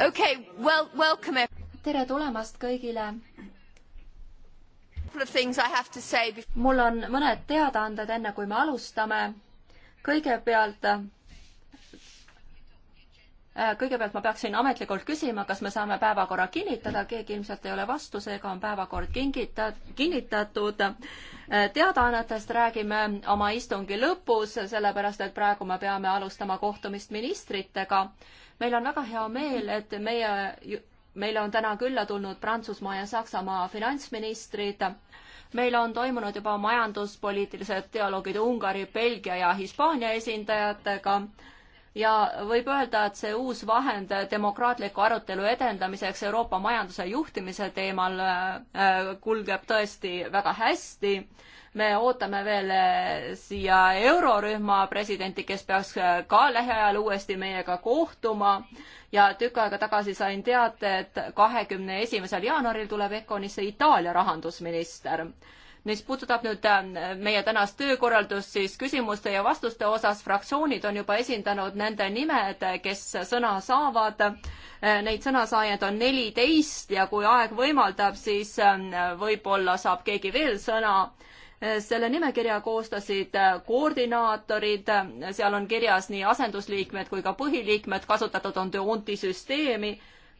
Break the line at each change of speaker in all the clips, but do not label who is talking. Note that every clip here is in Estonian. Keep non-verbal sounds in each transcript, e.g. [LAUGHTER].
Okay, well, welcome. tere tulemast kõigile. mul on mõned teadaanded, enne kui me alustame. kõigepealt Äh, kõigepealt ma peaksin ametlikult küsima, kas me saame päevakorra kinnitada, keegi ilmselt ei ole vastu, seega on päevakord kingita-, kinnitatud. Äh, teadaannetest räägime oma istungi lõpus, sellepärast et praegu me peame alustama kohtumist ministritega. meil on väga hea meel, et meie, meile on täna külla tulnud Prantsusmaa ja Saksamaa finantsministrid meil on toimunud juba majanduspoliitilised dialoogid Ungari, Belgia ja Hispaania esindajatega ja võib öelda, et see uus vahend demokraatliku arutelu edendamiseks Euroopa majanduse juhtimise teemal äh, kulgeb tõesti väga hästi. me ootame veel äh, siia eurorühma presidenti, kes peaks äh, ka lähiajal uuesti meiega kohtuma ja tükk aega tagasi sain teate, et kahekümne esimesel jaanuaril tuleb Econisse Itaalia rahandusminister mis puudutab nüüd äh, meie tänast töökorraldust, siis küsimuste ja vastuste osas fraktsioonid on juba esindanud nende nimed, äh, kes sõna saavad. Äh, neid sõnasaajaid on neliteist ja kui aeg võimaldab, siis ähm, võib-olla saab keegi veel sõna. selle nimekirja koostasid koordinaatorid, seal on kirjas nii asendusliikmed kui ka põhiliikmed, kasutatud on Deonti süsteemi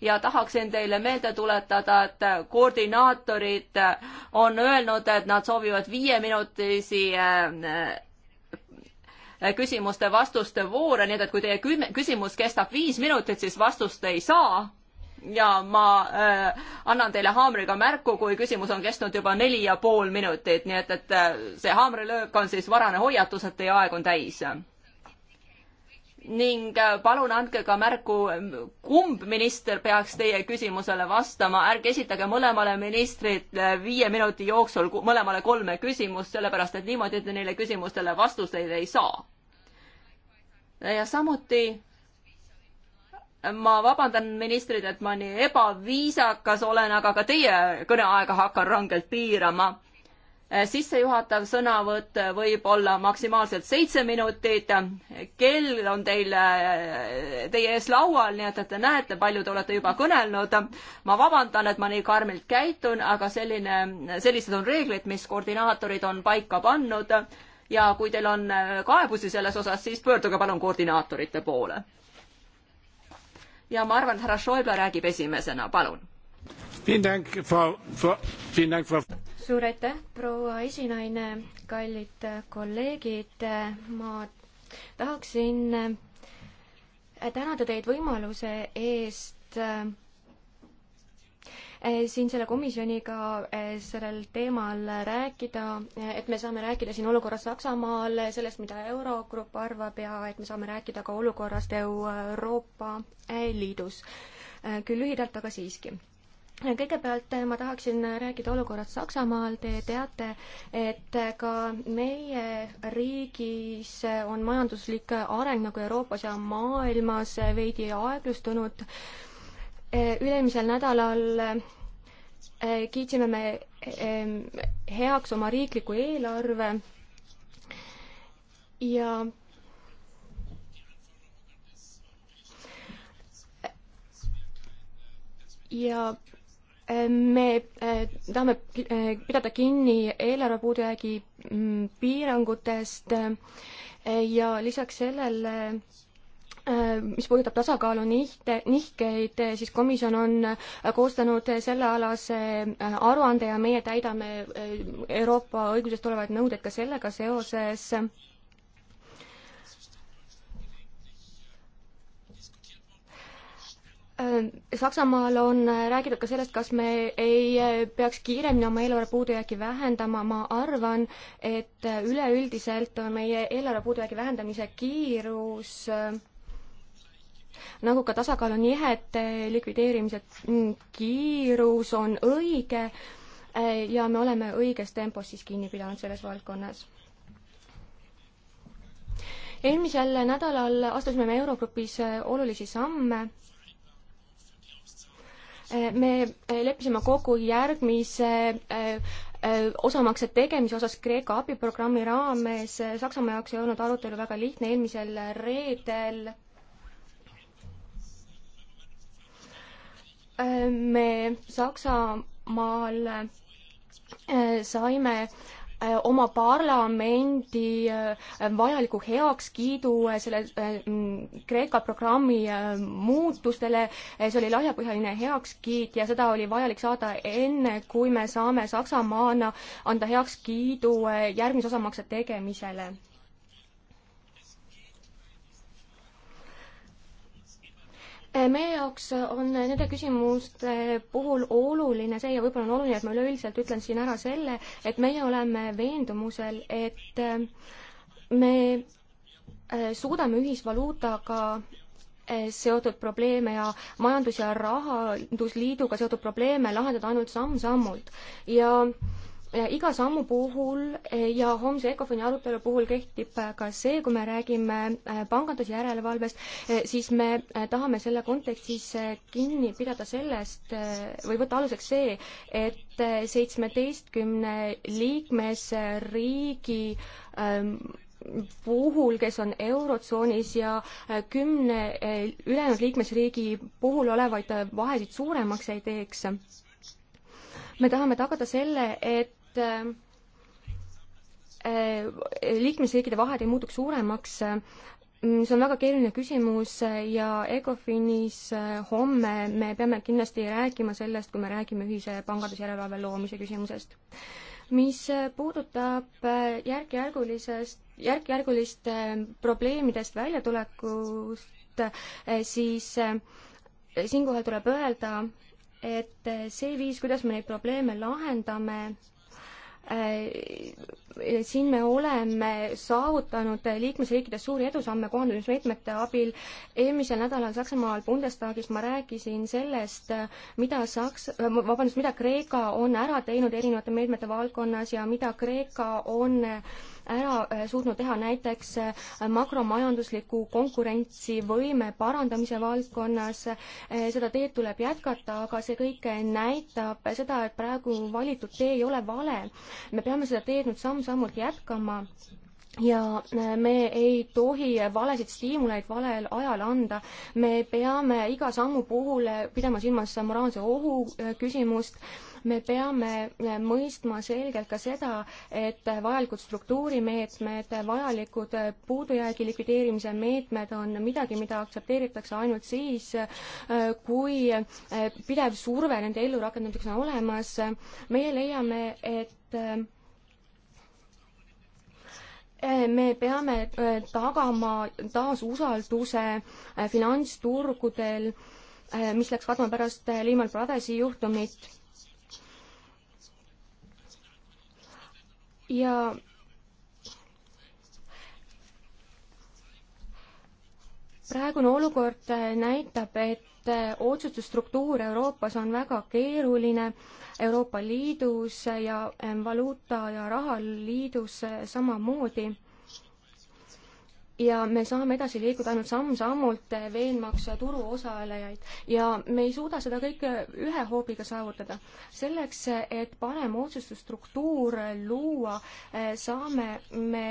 ja tahaksin teile meelde tuletada, et koordinaatorid on öelnud, et nad soovivad viieminutisi äh, küsimuste-vastuste voore, nii et kui teie küsimus kestab viis minutit, siis vastust ei saa ja ma äh, annan teile haamriga märku, kui küsimus on kestnud juba neli ja pool minutit, nii et, et äh, see haamrilöök on siis varane hoiatus, et teie aeg on täis ning äh, palun andke ka märku, kumb minister peaks teie küsimusele vastama, ärge esitage mõlemale ministrile viie minuti jooksul mõlemale kolme küsimust, sellepärast et niimoodi te neile küsimustele vastuseid ei saa. ja samuti ma vabandan ministrid, et ma nii ebaviisakas olen, aga ka teie kõneaega hakkan rangelt piirama Äh, sissejuhatav sõnavõtt äh, võib olla maksimaalselt seitse minutit. kell on teil, äh, teie ees laual, nii et, et te näete, palju te olete juba kõnelnud. ma vabandan, et ma nii karmilt käitun, aga selline, sellised on reeglid, mis koordinaatorid on paika pannud. ja kui teil on kaebusi selles osas, siis pöörduge palun koordinaatorite poole. ja ma arvan, et härra Schäuble räägib esimesena, palun
suur aitäh, proua esinaine, kallid kolleegid, ma tahaksin äh, tänada teid võimaluse eest äh, siin selle komisjoniga äh, sellel teemal rääkida, et me saame rääkida siin olukorrast Saksamaal, sellest, mida Eurogrupp arvab ja et me saame rääkida ka olukorrast Euroopa Liidus. küll lühidalt, aga siiski kõigepealt eh, ma tahaksin rääkida olukorrast Saksamaal. Te teate, et eh, ka meie riigis eh, on majanduslik areng nagu Euroopas ja maailmas veidi aeglustunud. üle-eelmisel nädalal kiitsime me heaks oma riikliku eelarve ja ja me eh, tahame eh, pidada kinni eelarve puudujäägi mm, piirangutest eh, ja lisaks sellele mis puudutab tasakaalu nihte, nihkeid, siis komisjon on koostanud sellealase aruande ja meie täidame Euroopa õigusest tulevaid nõudeid ka sellega seoses Äh, Saksamaal on äh, räägitud ka sellest, kas me ei äh, peaks kiiremini oma eelarve puudujääki vähendama, ma arvan, et üleüldiselt on meie eelarve puudujäägi vähendamise kiirus nagu ka tasakaalu nihete likvideerimise mm, kiirus on õige ja me oleme õiges tempos siis kinni pidanud selles valdkonnas eelmisel nädalal astusime me Eurogrupis olulisi samme me eh, leppisime kokku järgmise eh, eh, osamaksete tegemise osas Kreeka abiprogrammi raames. Saksamaa jaoks ei olnud arutelu väga lihtne eelmisel reedel. me Saksamaal saime äh, Äh, oma parlamendi äh, vajaliku heakskiidu äh, selle Kreeka programmi muutustele, see oli laiapõhjaline heakskiit ja seda oli vajalik saada enne, kui me saame Saksamaana anda heakskiidu järgmise osamakse tegemisele Äh, meie jaoks on nende küsimuste puhul oluline see ja võib-olla on oluline, et ma üleüldiselt ütlen siin ära selle, et meie oleme veendumusel, et äh, me äh, suudame ühisvaluutaga seotud probleeme ja majandus- ja rahandusliiduga seotud probleeme lahendada ainult samm-sammult ja äh, iga sammu puhul eh, ja homse ECOFIN-i arutelu puhul kehtib eh, ka see, kui me räägime eh, pangandusjärelevalvest, siis me tahame selle kontekstis kinni pidada sellest või võtta aluseks see, et seitsmeteistkümne liikmesriigi ehm, puhul, kes on Eurotsoonis ja kümne ülejäänud liikmesriigi puhul olevaid vahesid suuremaks ei teeks me tahame tagada selle, et et äh, liikmesriikide vahed ei muutuks suuremaks. see on väga keeruline küsimus ja ECOFINis äh, homme me peame kindlasti rääkima sellest, kui me räägime ühise pangandusjärelevalve loomise küsimusest. mis puudutab äh, järk-järgulisest, järk-järgulist probleemidest väljatulekust, siis siinkohal tuleb öelda, et see viis, kuidas me neid probleeme lahendame, Äh, siin me oleme saavutanud liikmesriikides suuri edusamme kohanemismeetmete abil. eelmisel nädalal Saksamaal Bundestagis ma rääkisin sellest, mida Saks-, äh, vabandust, mida Kreeka on ära teinud erinevate meetmete valdkonnas ja mida Kreeka on äh, ära äh, suutnud teha näiteks äh, makromajandusliku konkurentsivõime parandamise valdkonnas. Äh, seda teed tuleb jätkata, aga see kõik näitab seda, et praegu valitud tee ei ole vale. me peame seda teed nüüd samm-sammult jätkama ja me ei tohi valesid stiimuleid valel ajal anda. me peame iga sammu puhul pidama silmas moraalse ohu küsimust me peame eh, mõistma selgelt ka seda, et vajalikud struktuurimeetmed, vajalikud eh, puudujäägi likvideerimise meetmed on midagi, mida aktsepteeritakse ainult siis, eh, kui pidev surve nende ellurakendamiseks on olemas. meie leiame, et me peame tagama taas usalduse finantsturgudel, mis läks kadma pärast Lehman Brothersi juhtumit. ja praegune olukord näitab, et otsustusstruktuur Euroopas on väga keeruline, Euroopa Liidus ja ähm, valuuta- ja rahaliidus äh, samamoodi ja me saame edasi liikuda ainult samm-sammult, eh, veenmaks turuosalejaid ja me ei suuda seda kõike ühe hoobiga saavutada. selleks, eh, et parem otsustusstruktuur luua, eh, saame me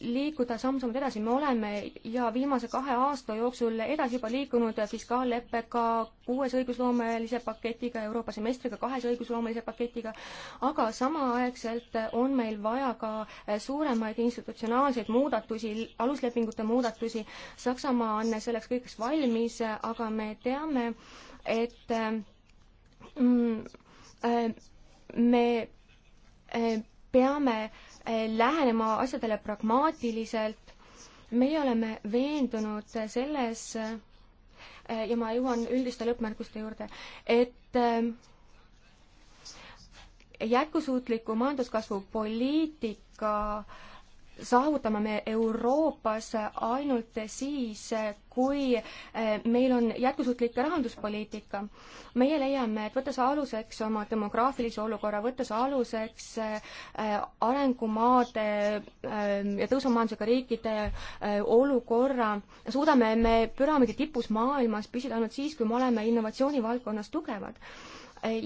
liikuda samm-sammult edasi, me oleme ja viimase kahe aasta jooksul edasi juba liikunud fiskaalleppega, kuues õigusloomelise paketiga, Euroopa semestriga, kahes õigusloomelise paketiga, aga samaaegselt on meil vaja ka suuremaid institutsionaalseid muudatusi, aluslepingute muudatusi, Saksamaa on selleks kõigeks valmis, aga me teame, et mm, äh, me äh, peame äh, Eh, lähenema asjadele pragmaatiliselt. meie oleme veendunud selles eh, ja ma jõuan üldiste lõppmärkuste juurde, et eh, jätkusuutliku majanduskasvu poliitika äh, saavutame me Euroopas ainult siis, kui eh, meil on jätkusuutlik rahanduspoliitika. meie leiame, et võttes aluseks oma demograafilise olukorra, võttes aluseks eh, arengumaade eh, ja tõusumajandusega riikide olukorra, suudame me püramiidi tipus maailmas püsida ainult siis, kui me oleme innovatsioonivaldkonnas tugevad.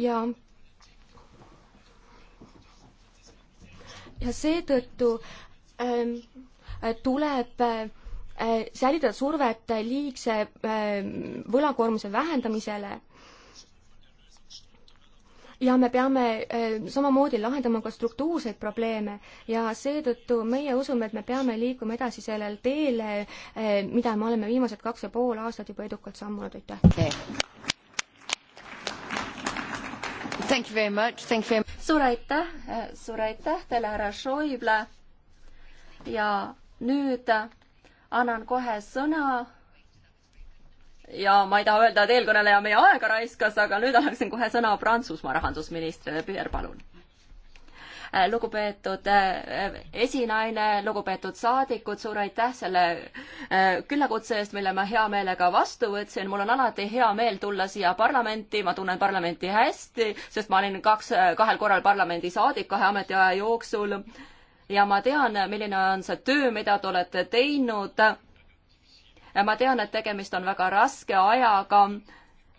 ja ja seetõttu Ähm, äh, tuleb äh, säilitada survet liigse ähm, võlakoormuse vähendamisele ja me peame äh, samamoodi lahendama ka struktuurseid probleeme ja seetõttu meie usume, et me peame liikuma edasi sellel teel, mida me oleme viimased kaks ja pool aastat juba edukalt sammunud, aitäh!
suur aitäh, suur aitäh teile, härra Schäuble! ja nüüd annan kohe sõna ja ma ei taha öelda, et eelkõneleja meie aega raiskas, aga nüüd annaksin kohe sõna Prantsusmaa rahandusministrile, Pierre, palun. Äh, lugupeetud äh, esinaine, lugupeetud saadikud, suur aitäh selle äh, küllakutse eest, mille ma hea meelega vastu võtsin. mul on alati hea meel tulla siia parlamenti, ma tunnen parlamenti hästi, sest ma olin kaks, kahel korral parlamendisaadik kahe ametiaja jooksul ja ma tean, milline on see töö, mida te olete teinud. ma tean, et tegemist on väga raske ajaga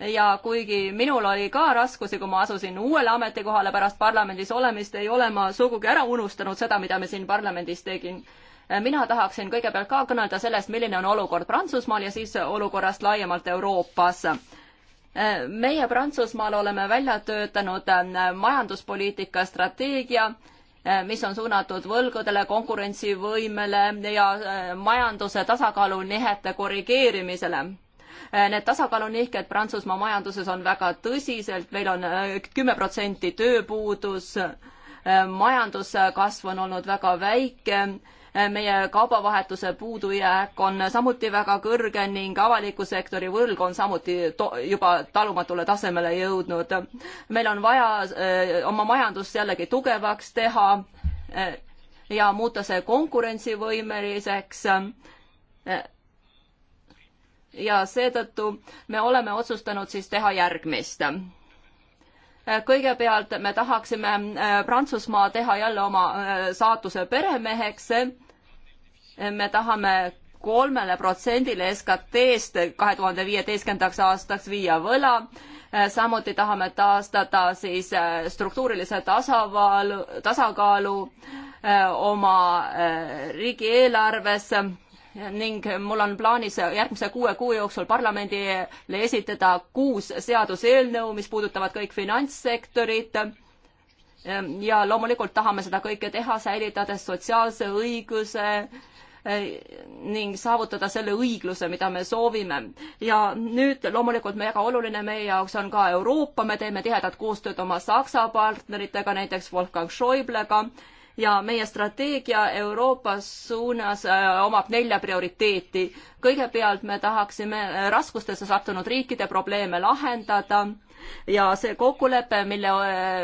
ja kuigi minul oli ka raskusi, kui ma asusin uuele ametikohale pärast parlamendis olemist, ei ole ma sugugi ära unustanud seda, mida me siin parlamendis tegin. mina tahaksin kõigepealt ka kõnelda sellest, milline on olukord Prantsusmaal ja siis olukorrast laiemalt Euroopas meie Prantsusmaal oleme välja töötanud majanduspoliitika strateegia Äh, mis on suunatud võlgadele, konkurentsivõimele ja äh, majanduse tasakaalu nihete korrigeerimisele. Äh, need tasakaalunihked Prantsusmaa majanduses on väga tõsiselt, meil on kümme protsenti tööpuudus, majanduskasv on olnud väga väike Äh, meie kaubavahetuse puudujääk on samuti väga kõrge ning avaliku sektori võlg on samuti juba talumatule tasemele jõudnud. meil on vaja äh, oma majandust jällegi tugevaks teha äh, ja muuta see konkurentsivõimeliseks ja seetõttu me oleme otsustanud siis teha järgmist kõigepealt me tahaksime äh, Prantsusmaa teha jälle oma äh, saatuse peremeheks. me tahame kolmele protsendile SKT-st kahe tuhande viieteistkümnendaks aastaks viia võla. Äh, samuti tahame taastada siis struktuurilise tasakaalu, tasakaalu oma riigieelarves ning mul on plaanis järgmise kuue kuu jooksul parlamendile esitada kuus seaduseelnõu, mis puudutavad kõik finantssektorit. ja loomulikult tahame seda kõike teha, säilitades sotsiaalse õiguse eh, ning saavutada selle õigluse, mida me soovime. ja nüüd loomulikult väga oluline meie jaoks on ka Euroopa, me teeme tihedat koostööd oma Saksa partneritega, näiteks Wolfgang Schäuble'ga ja meie strateegia Euroopa suunas äh, omab nelja prioriteeti. kõigepealt me tahaksime raskustesse sattunud riikide probleeme lahendada ja see kokkulepe, mille,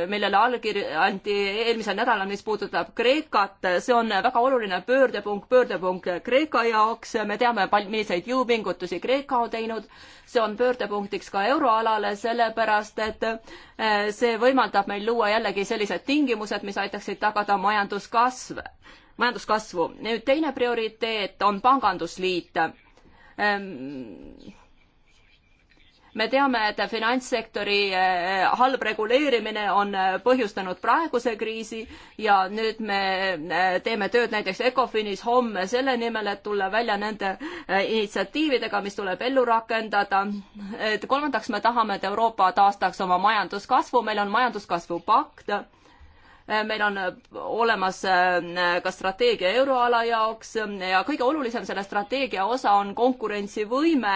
millele allkiri anti eelmisel nädalal, mis puudutab Kreekat, see on väga oluline pöördepunkt, pöördepunkt Kreeka jaoks, me teame, milliseid jõupingutusi Kreeka on teinud, see on pöördepunktiks ka euroalale, sellepärast et eh, see võimaldab meil luua jällegi sellised tingimused, mis aitaksid tagada majanduskasv, majanduskasvu. nüüd teine prioriteet on pangandusliit ehm, me teame, et finantssektori eh, halb reguleerimine on eh, põhjustanud praeguse kriisi ja nüüd me eh, teeme tööd näiteks Ecofinis homme selle nimel, et tulla välja nende initsiatiividega, mis tuleb ellu rakendada. et kolmandaks, me tahame, et Euroopa taastaks oma majanduskasvu, meil on majanduskasvu pakt meil on olemas ka strateegia euroala jaoks ja kõige olulisem selle strateegia osa on konkurentsivõime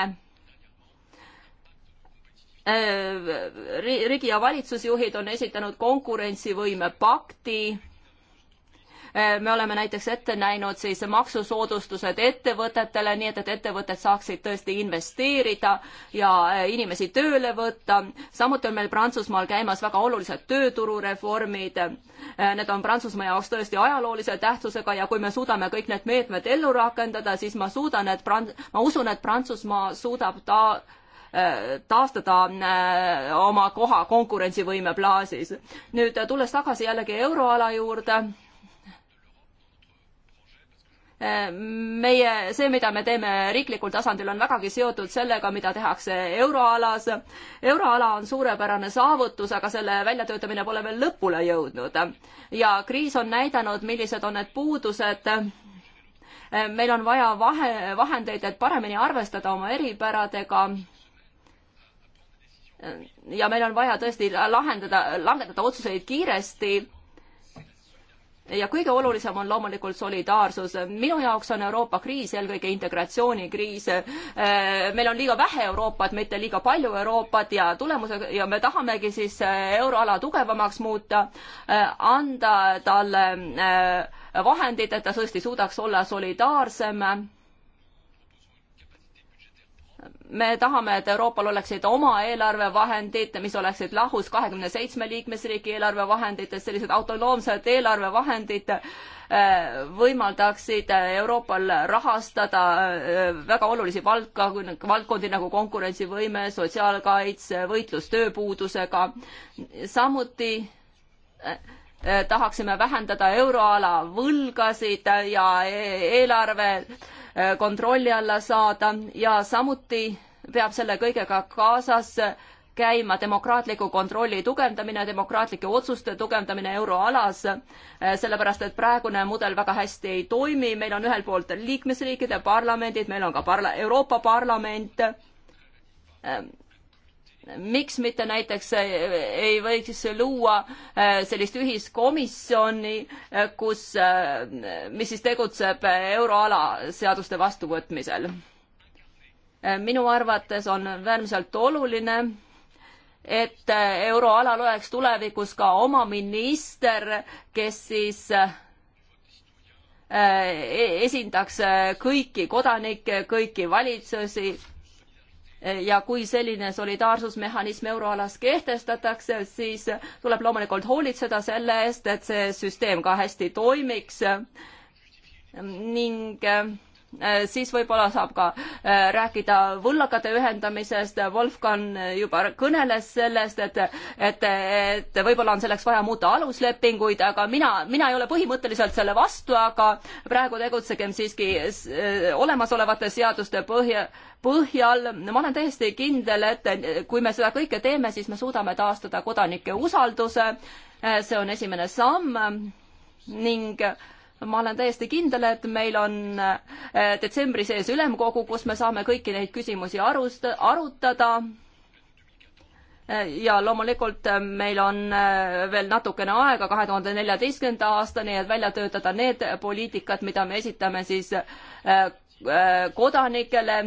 Äh, riigi ja valitsusjuhid on esitanud konkurentsivõime pakti. Äh, me oleme näiteks ette näinud siis maksusoodustused ettevõtetele, nii et, et ettevõtted saaksid tõesti investeerida ja äh, inimesi tööle võtta. samuti on meil Prantsusmaal käimas väga olulised tööturureformid. Need on Prantsusmaa jaoks tõesti ajaloolise tähtsusega ja kui me suudame kõik need meetmed ellu rakendada, siis ma suudan, et Prant-, ma usun, et Prantsusmaa suudab ta taastada äh, oma koha konkurentsivõime plaasis. nüüd äh, tulles tagasi jällegi euroala juurde äh, meie, see, mida me teeme riiklikul tasandil, on vägagi seotud sellega, mida tehakse euroalas. euroala on suurepärane saavutus, aga selle väljatöötamine pole veel lõpule jõudnud. ja kriis on näidanud, millised on need puudused. meil on vaja vahe, vahendeid, et paremini arvestada oma eripäradega ja meil on vaja tõesti lahendada, langetada otsuseid kiiresti. ja kõige olulisem on loomulikult solidaarsus. minu jaoks on Euroopa kriis eelkõige integratsioonikriis. Äh, meil on liiga vähe Euroopat, mitte liiga palju Euroopat ja tulemuse ja me tahamegi siis äh, euroala tugevamaks muuta, äh, anda talle vahendid, et ta tõesti suudaks olla solidaarsem me tahame, et Euroopal oleksid oma eelarvevahendid, mis oleksid lahus kahekümne seitsme liikmesriigi eelarvevahenditest, sellised autonoomsed eelarvevahendid äh, võimaldaksid Euroopal rahastada äh, väga olulisi valdka-, valdkondi nagu konkurentsivõime, sotsiaalkaitse, võitlus tööpuudusega, samuti äh, tahaksime vähendada euroala võlgasid ja e-, eelarve Äh, kontrolli alla saada ja samuti peab selle kõigega kaasas käima demokraatliku kontrolli tugevdamine, demokraatlike otsuste tugevdamine euroalas, äh, sellepärast et praegune mudel väga hästi ei toimi, meil on ühelt poolt liikmesriikide parlamendid, meil on ka parla-, Euroopa Parlament, äh, miks mitte näiteks äh, ei võiks luua äh, sellist ühiskomisjoni, äh, kus, mis siis tegutseb euroala seaduste vastuvõtmisel? minu arvates on äärmiselt oluline, et euroalal oleks tulevikus ka oma minister, kes siis e-, esindaks kõiki kodanikke, kõiki valitsusi ja kui selline solidaarsusmehhanism euroalas kehtestatakse, siis tuleb loomulikult hoolitseda selle eest, et see süsteem ka hästi toimiks ning Äh, siis võib-olla saab ka äh, rääkida võllakate ühendamisest, Wolfgang juba kõneles sellest, et et, et võib-olla on selleks vaja muuta aluslepinguid, aga mina, mina ei ole põhimõtteliselt selle vastu, aga praegu tegutsegem siiski äh, olemasolevate seaduste põhja, põhjal. ma olen täiesti kindel, et kui me seda kõike teeme, siis me suudame taastada kodanike usalduse. see on esimene samm ning äh, ma olen täiesti kindel, et meil on äh, detsembri sees ülemkogu, kus me saame kõiki neid küsimusi arust-, arutada. Äh, ja loomulikult äh, meil on veel natukene aega kahe tuhande neljateistkümnenda aastani, et välja töötada need poliitikad, mida me esitame siis kodanikele.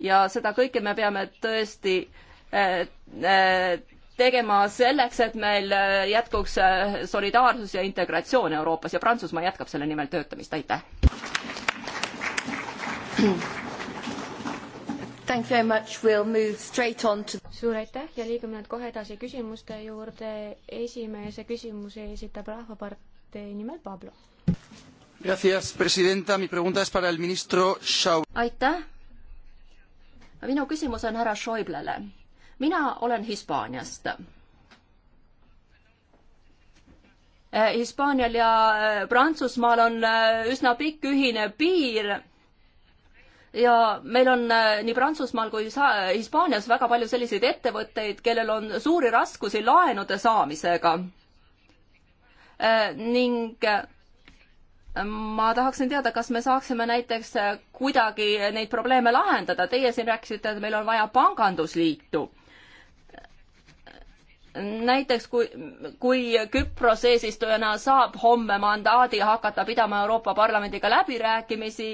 ja seda kõike me peame tõesti tegema selleks, et meil äh, jätkuks äh, solidaarsus ja integratsioon Euroopas ja Prantsusmaa jätkab selle nimel töötamist, aitäh! Thank you very much,
we will move straight on to suur aitäh ja liigume nüüd kohe edasi küsimuste juurde, esimese küsimuse esitab Rahvapartei nimel Pablo.
Gracias, presidenta, mi pregunta es para el ministro Schau-.
aitäh! minu küsimus on härra Schäublele mina olen Hispaaniast. Äh, Hispaanial ja äh, Prantsusmaal on äh, üsna pikk ühine piir ja meil on nii Prantsusmaal kui Hispaanias väga palju selliseid ettevõtteid, kellel on suuri raskusi laenude saamisega. ning ma tahaksin teada, kas me saaksime näiteks kuidagi neid probleeme lahendada. Teie siin rääkisite, et meil on vaja pangandusliitu näiteks kui, kui Küpros eesistujana saab homme mandaadi hakata pidama Euroopa Parlamendiga läbirääkimisi,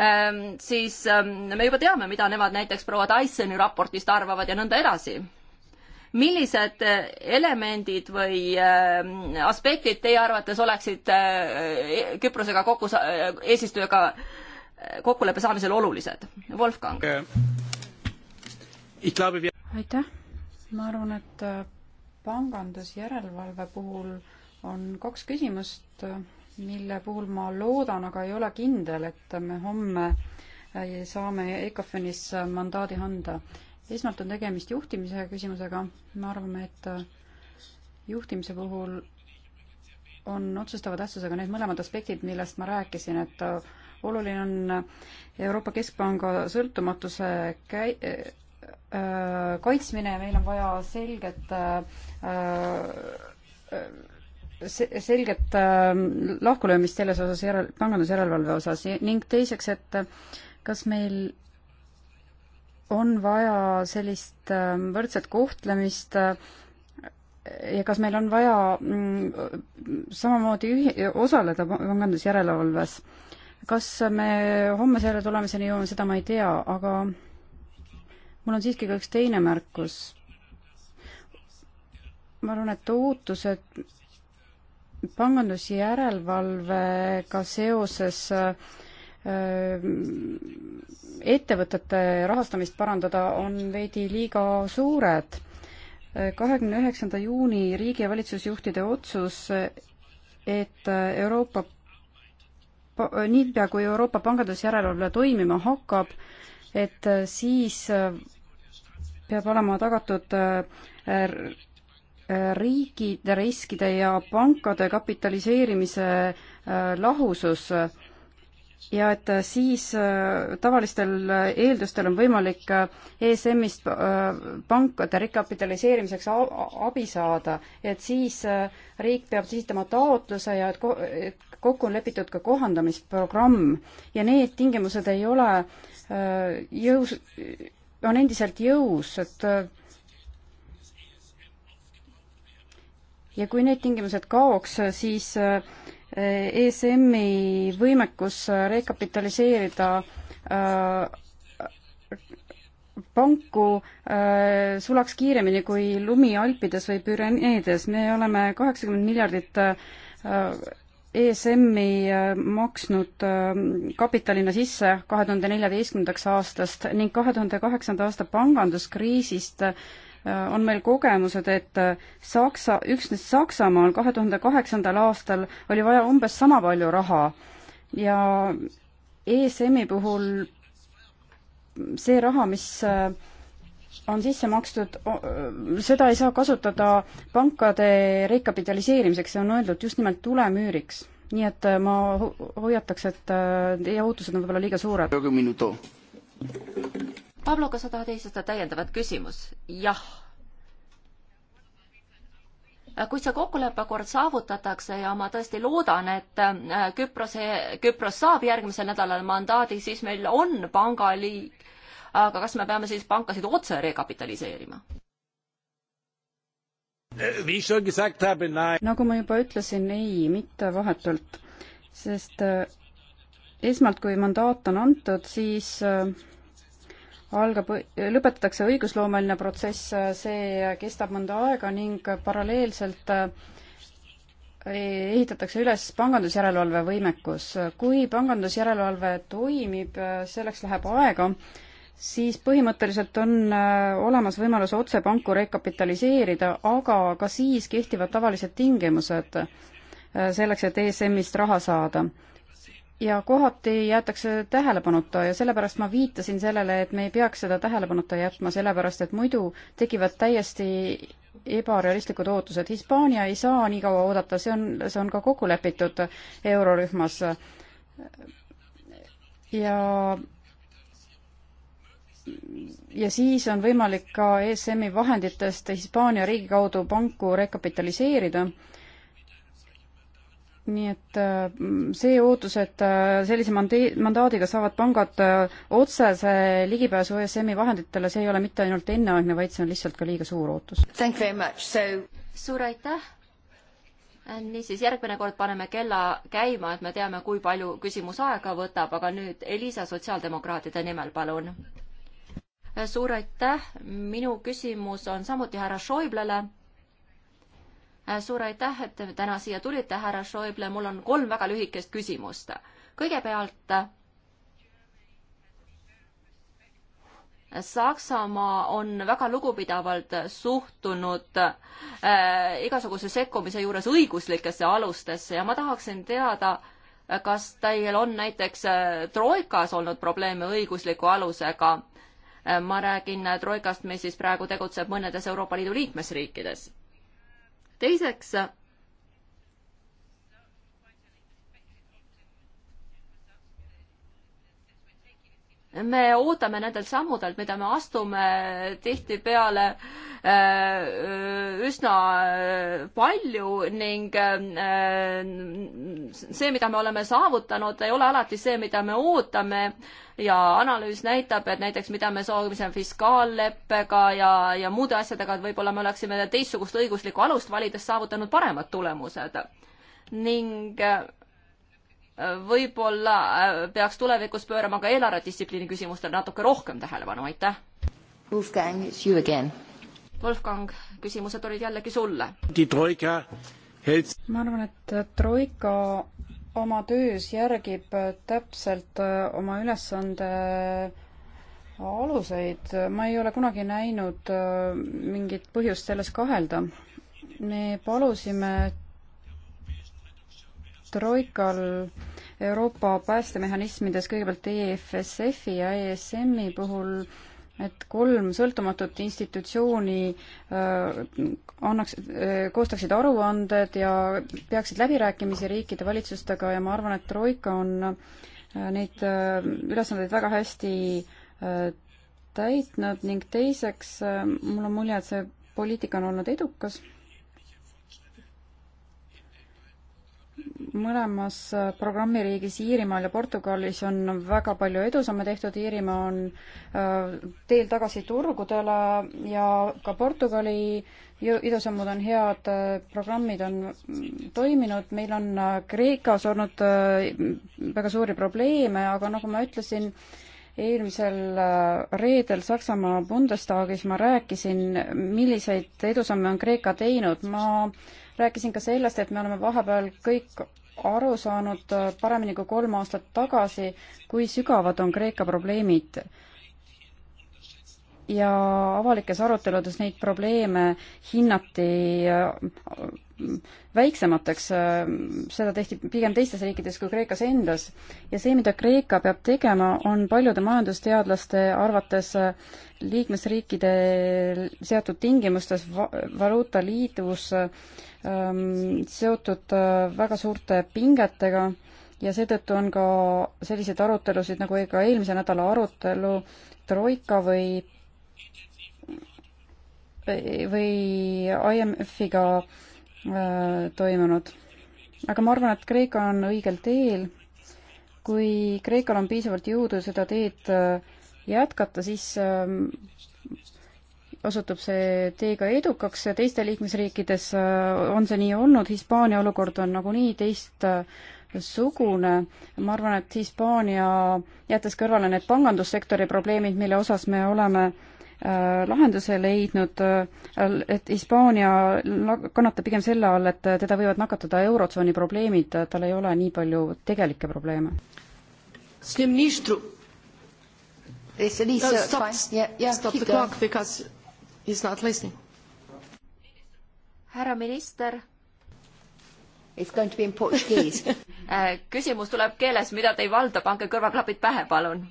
ähm, siis ähm, me juba teame, mida nemad näiteks proua Dysoni raportist arvavad ja nõnda edasi. millised äh, elemendid või ähm, aspektid teie arvates oleksid äh, Küprosega kokku, äh, eesistujaga kokkuleppe saamisel olulised? Wolfgang.
aitäh ma arvan, et pangandusjärelevalve puhul on kaks küsimust, mille puhul ma loodan, aga ei ole kindel, et me homme äh, saame ECOFINis mandaadi anda. esmalt on tegemist juhtimise küsimusega, me arvame, et äh, juhtimise puhul on otsustava tähtsusega need mõlemad aspektid, millest ma rääkisin, et äh, oluline on Euroopa Keskpanga sõltumatuse käi-, kaitsmine, meil on vaja selget selget lahkulöömist selles osas järel, pangandusjärelevalve osas ning teiseks, et kas meil on vaja sellist võrdset kohtlemist ja kas meil on vaja mm, samamoodi ühi-, osaleda pangandusjärelevalves? kas me homme selle tulemuseni jõuame, seda ma ei tea, aga mul on siiski ka üks teine märkus. ma arvan, et ootused pangandusjärelevalvega seoses äh, ettevõtete rahastamist parandada on veidi liiga suured. kahekümne üheksanda juuni riigi ja valitsusjuhtide otsus, et Euroopa, niipea kui Euroopa pangandusjärelevalve toimima hakkab, et siis peab olema tagatud äh, äh, riikide riskide ja pankade kapitaliseerimise äh, lahusus ja et siis tavalistel eeldustel on võimalik ESM-ist pankade rekapitaliseerimiseks abi saada, et siis riik peab esitama taotluse ja et, et kokku on lepitud ka kohandamisprogramm ja need tingimused ei ole jõus, on endiselt jõus, et ja kui need tingimused kaoks, siis ESM-i eh, e võimekus rekapitaliseerida eh, panku äh, sulaks kiiremini kui lumi Alpides või Püreneedes. me oleme kaheksakümmend miljardit äh, ESM-i äh, maksnud äh, kapitalina sisse kahe tuhande neljateistkümnendaks aastast ning kahe tuhande kaheksanda aasta panganduskriisist äh, on meil kogemused, et Saksa, üksnes Saksamaal kahe tuhande kaheksandal aastal oli vaja umbes sama palju raha ja ESM-i puhul see raha, mis on sisse makstud, seda ei saa kasutada pankade rekapitaliseerimiseks, see on öeldud just nimelt tulemüüriks. nii et äh, ma hoiataks, et äh, teie ootused on võib-olla liiga suured.
Pablo, kas sa tahad esitada täiendavat küsimust? jah. kui see kokkulepe kord saavutatakse ja ma tõesti loodan, et äh, Küprose, Küpros saab järgmisel nädalal mandaadi, siis meil on pangaliik aga kas me peame siis pankasid
otse rekapitaliseerima? nagu ma juba ütlesin, ei, mitte vahetult, sest äh, esmalt, kui mandaat on antud, siis äh, algab, äh, lõpetatakse õigusloomeline protsess, see kestab mõnda aega ning paralleelselt e-, ehitatakse üles pangandusjärelevalve võimekus. kui pangandusjärelevalve toimib, selleks läheb aega, siis põhimõtteliselt on äh, olemas võimalus otse panku rekapitaliseerida, aga ka siis kehtivad tavalised tingimused äh, selleks, et ESM-ist raha saada. ja kohati jäetakse tähelepanuta ja sellepärast ma viitasin sellele, et me ei peaks seda tähelepanuta jätma, sellepärast et muidu tekivad täiesti ebarealistlikud ootused. Hispaania ei saa nii kaua oodata, see on, see on ka kokku lepitud eurorühmas. ja ja siis on võimalik ka ESM-i vahenditest Hispaania riigi kaudu panku rekapitaliseerida. nii et mm, see ootus, et äh, sellise manda-, mandaadiga saavad pangad äh, otsese ligipääsu ESM-i vahenditele, see ei ole mitte ainult enneaegne, vaid see on lihtsalt ka liiga suur ootus. So...
suur aitäh! Äh, niisiis, järgmine kord paneme kella käima, et me teame, kui palju küsimus aega võtab, aga nüüd Elisa sotsiaaldemokraatide nimel, palun suur aitäh, minu küsimus on samuti härra Schäublele. suur aitäh, et te täna siia tulite, härra Schäuble, mul on kolm väga lühikest küsimust. kõigepealt Saksamaa on väga lugupidavalt suhtunud äh, igasuguse sekkumise juures õiguslikesse alustesse ja ma tahaksin teada, kas teil on näiteks äh, Troikas olnud probleeme õigusliku alusega Äh, ma räägin äh, troikast, mis siis praegu tegutseb mõnedes Euroopa Liidu liikmesriikides. teiseks me ootame nendelt sammudelt, mida me astume tihtipeale äh, üsna palju ning äh, see, mida me oleme saavutanud, ei ole alati see, mida me ootame ja analüüs näitab, et näiteks mida me soovime fiskaalleppega ja, ja muude asjadega, et võib-olla me oleksime teistsugust õiguslikku alust valides saavutanud paremad tulemused ning äh, võib-olla äh, peaks tulevikus pöörama ka eelarvedistsipliini küsimustele natuke rohkem tähelepanu, aitäh.
Wolfgang, it's you again.
Wolfgang, küsimused olid jällegi sulle.
ma arvan, et äh, Troika oma töös järgib äh, täpselt oma ülesande aluseid. ma ei ole kunagi näinud mingit põhjust selles kahelda. me palusime troikal Euroopa päästemehhanismides, kõigepealt EFSF-i ja ESM-i puhul, et kolm sõltumatut institutsiooni äh, annaks äh,, koostaksid aruanded ja peaksid läbirääkimisi riikide valitsustega ja ma arvan, et Troika on äh, neid äh, ülesandeid väga hästi äh, täitnud ning teiseks äh, mul on mulje, et see poliitika on olnud edukas mõlemas programmiriigis, Iirimaal ja Portugalis, on väga palju edusamme tehtud, Iirimaa on äh, teel tagasi turgudele ja ka Portugali idusammud on head, äh, programmid on mm, toiminud, meil on äh, Kreekas olnud väga suuri probleeme, aga nagu ma ütlesin, eelmisel reedel Saksamaa Bundestagis ma rääkisin, milliseid edusamme on Kreeka teinud. ma rääkisin ka sellest, et me oleme vahepeal kõik aru saanud äh, paremini kui kolm aastat tagasi, kui sügavad on Kreeka probleemid. ja avalikes aruteludes neid probleeme hinnati äh, väiksemateks, äh, seda tehti pigem teistes riikides kui Kreekas endas. ja see, mida Kreeka peab tegema, on paljude majandusteadlaste arvates äh, liikmesriikide seatud tingimustes va-, valuutaliidus ähm, seotud äh, väga suurte pingetega ja seetõttu on ka selliseid arutelusid, nagu ka eelmise nädala arutelu Troika või või IMF-iga äh, Äh, toimunud. aga ma arvan, et Kreeka on õigel teel. kui Kreekal on piisavalt jõudu seda teed äh, jätkata, siis ähm, osutub see tee ka edukaks ja teiste liikmesriikides äh, on see nii olnud, Hispaania olukord on nagunii teistsugune. ma arvan, et Hispaania, jättes kõrvale need pangandussektori probleemid, mille osas me oleme äh, Äh, lahenduse leidnud, äh, et Hispaania kannatab pigem selle all, et teda võivad nakatada Eurotsooni probleemid, tal ei ole nii palju tegelikke probleeme.
härra minister. [LAUGHS] Äh, küsimus tuleb keeles, mida te ei valda, pange kõrvaklapid pähe, palun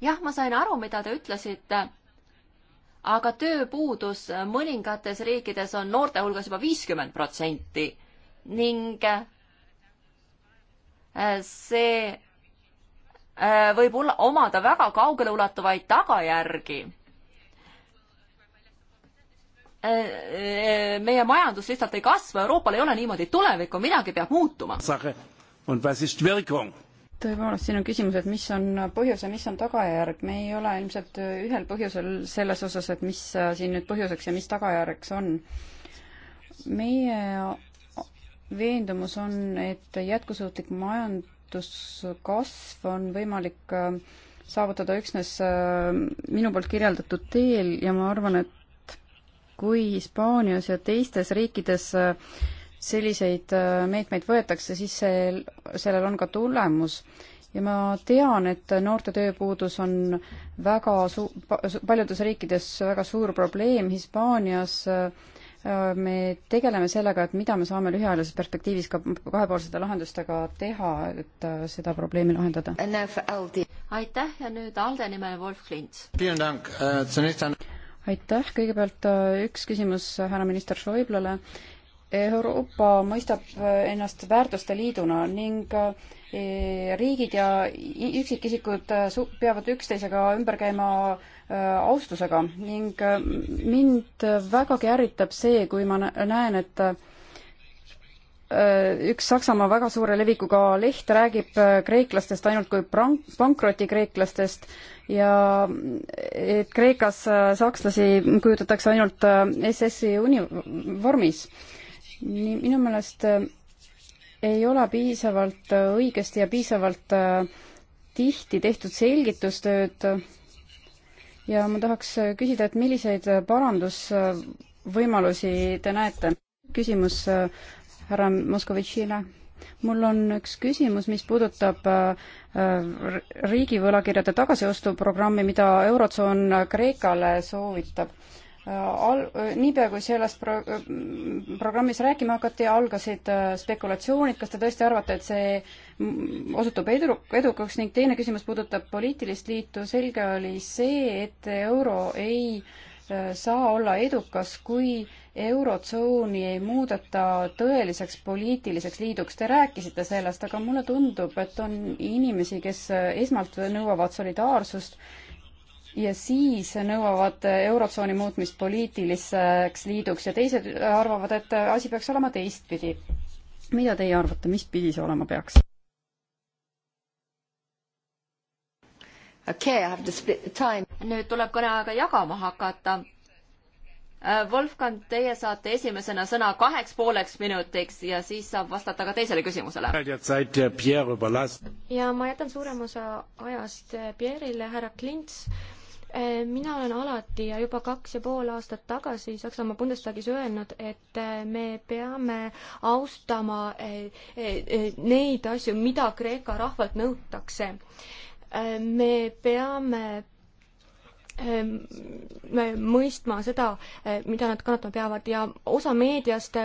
jah, ma sain aru, mida te ütlesite, aga tööpuudus mõningates riikides on noorte hulgas juba viiskümmend protsenti ning äh, see äh, võib olla, omada väga kaugeleulatuvaid tagajärgi äh, meie
majandus lihtsalt ei kasva, Euroopal ei ole niimoodi tulevikku, midagi peab muutuma tõepoolest, siin on küsimus, et mis on põhjus ja mis on tagajärg. me ei ole ilmselt ühel põhjusel selles osas, et mis siin nüüd põhjuseks ja mis tagajärjeks on. meie veendumus on, et jätkusuutlik majanduskasv on võimalik äh, saavutada üksnes äh, minu poolt kirjeldatud teel ja ma arvan, et kui Hispaanias ja teistes riikides äh, selliseid äh, meetmeid võetakse, siis see, sellel on ka tulemus. ja ma tean, et noorte tööpuudus on väga su-, paljudes riikides väga suur probleem, Hispaanias äh, me tegeleme sellega, et mida me saame lühiajalises perspektiivis ka kahepoolsete lahendustega teha, et äh, seda probleemi lahendada. aitäh ja nüüd ALDE nimel Wolf Klints. aitäh, kõigepealt üks küsimus härra minister Schäublele Euroopa mõistab ennast väärtuste liiduna ning eh, riigid ja üksikisikud eh, peavad üksteisega ümber käima eh, austusega ning mind vägagi ärritab see, kui ma näen, et üks Saksamaa väga suure levikuga leht räägib kreeklastest ainult kui pankrotikreeklastest ja et Kreekas sakslasi kujutatakse ainult SS-i uni-, vormis nii minu meelest äh, ei ole piisavalt äh, õigesti ja piisavalt äh, tihti tehtud selgitustööd ja ma tahaks küsida, et milliseid parandusvõimalusi te näete? küsimus härra Moskovitšile. mul on üks küsimus, mis puudutab riigivõlakirjade tagasiostuprogrammi, mida Eurotsoon Kreekale soovitab al-, niipea kui sellest pro-, programmis rääkima hakati, algasid äh, spekulatsioonid, kas te tõesti arvate, et see mm, osutub edu, edukaks ning teine küsimus puudutab poliitilist liitu, selge oli see, et euro ei äh, saa olla edukas, kui eurotsooni ei muudeta tõeliseks poliitiliseks liiduks. Te rääkisite sellest, aga mulle tundub, et on inimesi, kes äh, esmalt nõuavad solidaarsust ja siis nõuavad Eurotsooni muutmist poliitiliseks liiduks ja teised arvavad, et asi peaks olema teistpidi. mida teie arvate, mis pidi see olema peaks?
okei okay,, I have to split the time. nüüd tuleb kõneaega jagama hakata. Äh, Wolfgang, teie saate esimesena sõna kaheks pooleks minutiks ja siis saab vastata ka teisele küsimusele.
Äh,
ja
ma jätan suurema osa ajast äh, Pierre'ile, härra Klints Äh, mina olen alati ja juba kaks ja pool aastat tagasi Saksamaa Bundestagis öelnud, et äh, me peame austama äh, neid asju, mida Kreeka rahvalt nõutakse. me peame ähm, mõistma seda, mida nad kannatama peavad ja osa meediast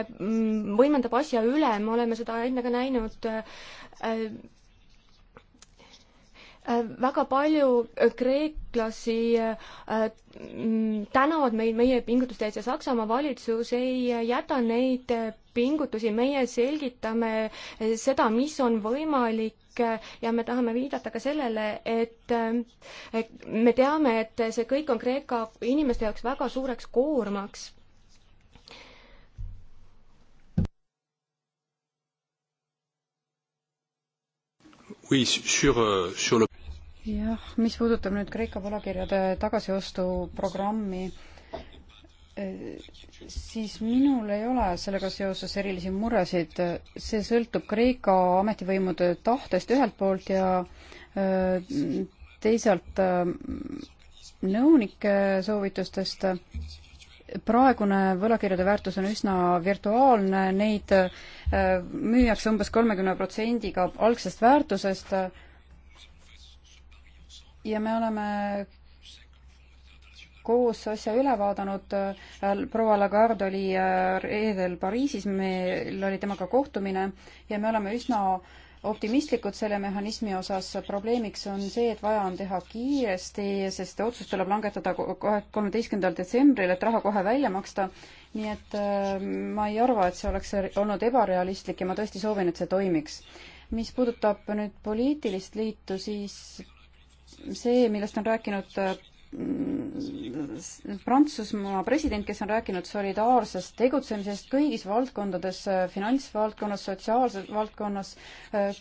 võimendab asja üle, me oleme seda enne ka näinud Äh, väga palju äh, kreeklasi äh, mm, tänavad meid meie pingutuste eest ja Saksamaa valitsus ei jäta neid pingutusi, meie selgitame seda, mis on võimalik ja me tahame viidata ka sellele, et me teame, et see kõik on Kreeka inimeste jaoks väga suureks koormaks
Oui, sur, euh, sur le...
jah, mis puudutab nüüd Kreeka võlakirjade tagasiostuprogrammi, eh, siis minul ei ole sellega seoses erilisi muresid. see sõltub Kreeka ametivõimude tahtest ühelt poolt ja eh, teisalt eh, nõunike soovitustest. praegune võlakirjade väärtus on üsna virtuaalne, neid müüakse umbes kolmekümne protsendiga algsest väärtusest. ja me oleme koos asja üle vaadanud. proua Lagarde oli reedel äh, Pariisis, meil oli temaga kohtumine ja me oleme üsna äh, optimistlikud selle mehhanismi osas, probleemiks on see, et vaja on teha kiiresti, sest otsus tuleb langetada kolmeteistkümnendal detsembril, et raha kohe välja maksta. nii et äh, ma ei arva, et see oleks olnud ebarealistlik ja ma tõesti soovin, et see toimiks. mis puudutab nüüd poliitilist liitu, siis see, millest on rääkinud äh, Mm, Prantsusmaa president, kes on rääkinud solidaarsest tegutsemisest kõigis valdkondades, finantsvaldkonnas, sotsiaalses valdkonnas,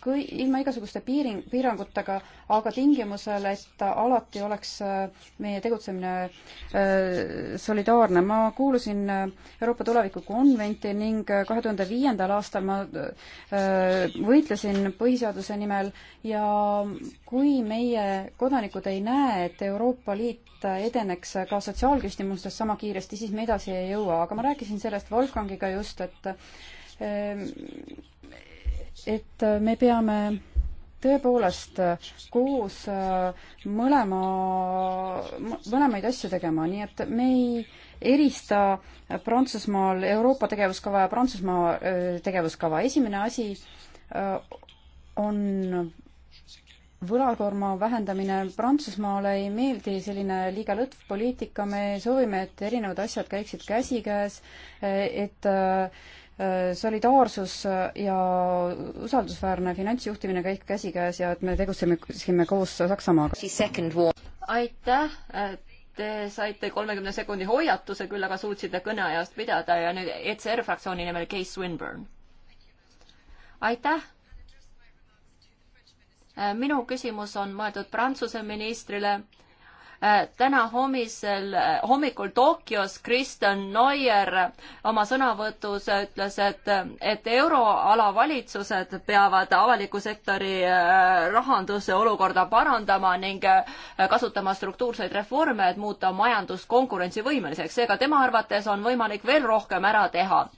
kõi-, ilma igasuguste piiring, piirangutega, aga tingimusel, et alati oleks äh, meie tegutsemine äh, solidaarne. ma kuulusin äh, Euroopa Tuleviku konventi ning kahe tuhande viiendal aastal ma võitlesin põhiseaduse nimel ja kui meie kodanikud ei näe, et Euroopa Liit et edeneks ka sotsiaalküsimustes sama kiiresti, siis me edasi ei jõua, aga ma rääkisin sellest Wolfgangiga just, et eh, et me peame tõepoolest koos eh, mõlema, mõlemaid asju tegema, nii et me ei erista Prantsusmaal Euroopa tegevuskava ja Prantsusmaa eh, tegevuskava. esimene asi on võlakoorma vähendamine Prantsusmaale ei meeldi, selline liiga lõtv poliitika, me soovime, et erinevad asjad käiksid käsikäes, et äh, solidaarsus ja usaldusväärne finantsjuhtimine käib käsikäes ja et me tegutseme koos Saksamaaga.
aitäh, te saite kolmekümne sekundi hoiatuse küll, aga suutsite kõneajast pidada ja nüüd ECR fraktsiooni nimel Keis Swinburne. aitäh minu küsimus on mõeldud Prantsuse ministrile. Äh, täna hommisel, äh, hommikul Tokyos Kristen Neuer oma sõnavõtus ütles, et, et euroala valitsused peavad avaliku sektori äh, rahanduse olukorda parandama ning kasutama struktuurseid reforme, et muuta majandus konkurentsivõimeliseks. seega tema arvates on võimalik veel rohkem ära teha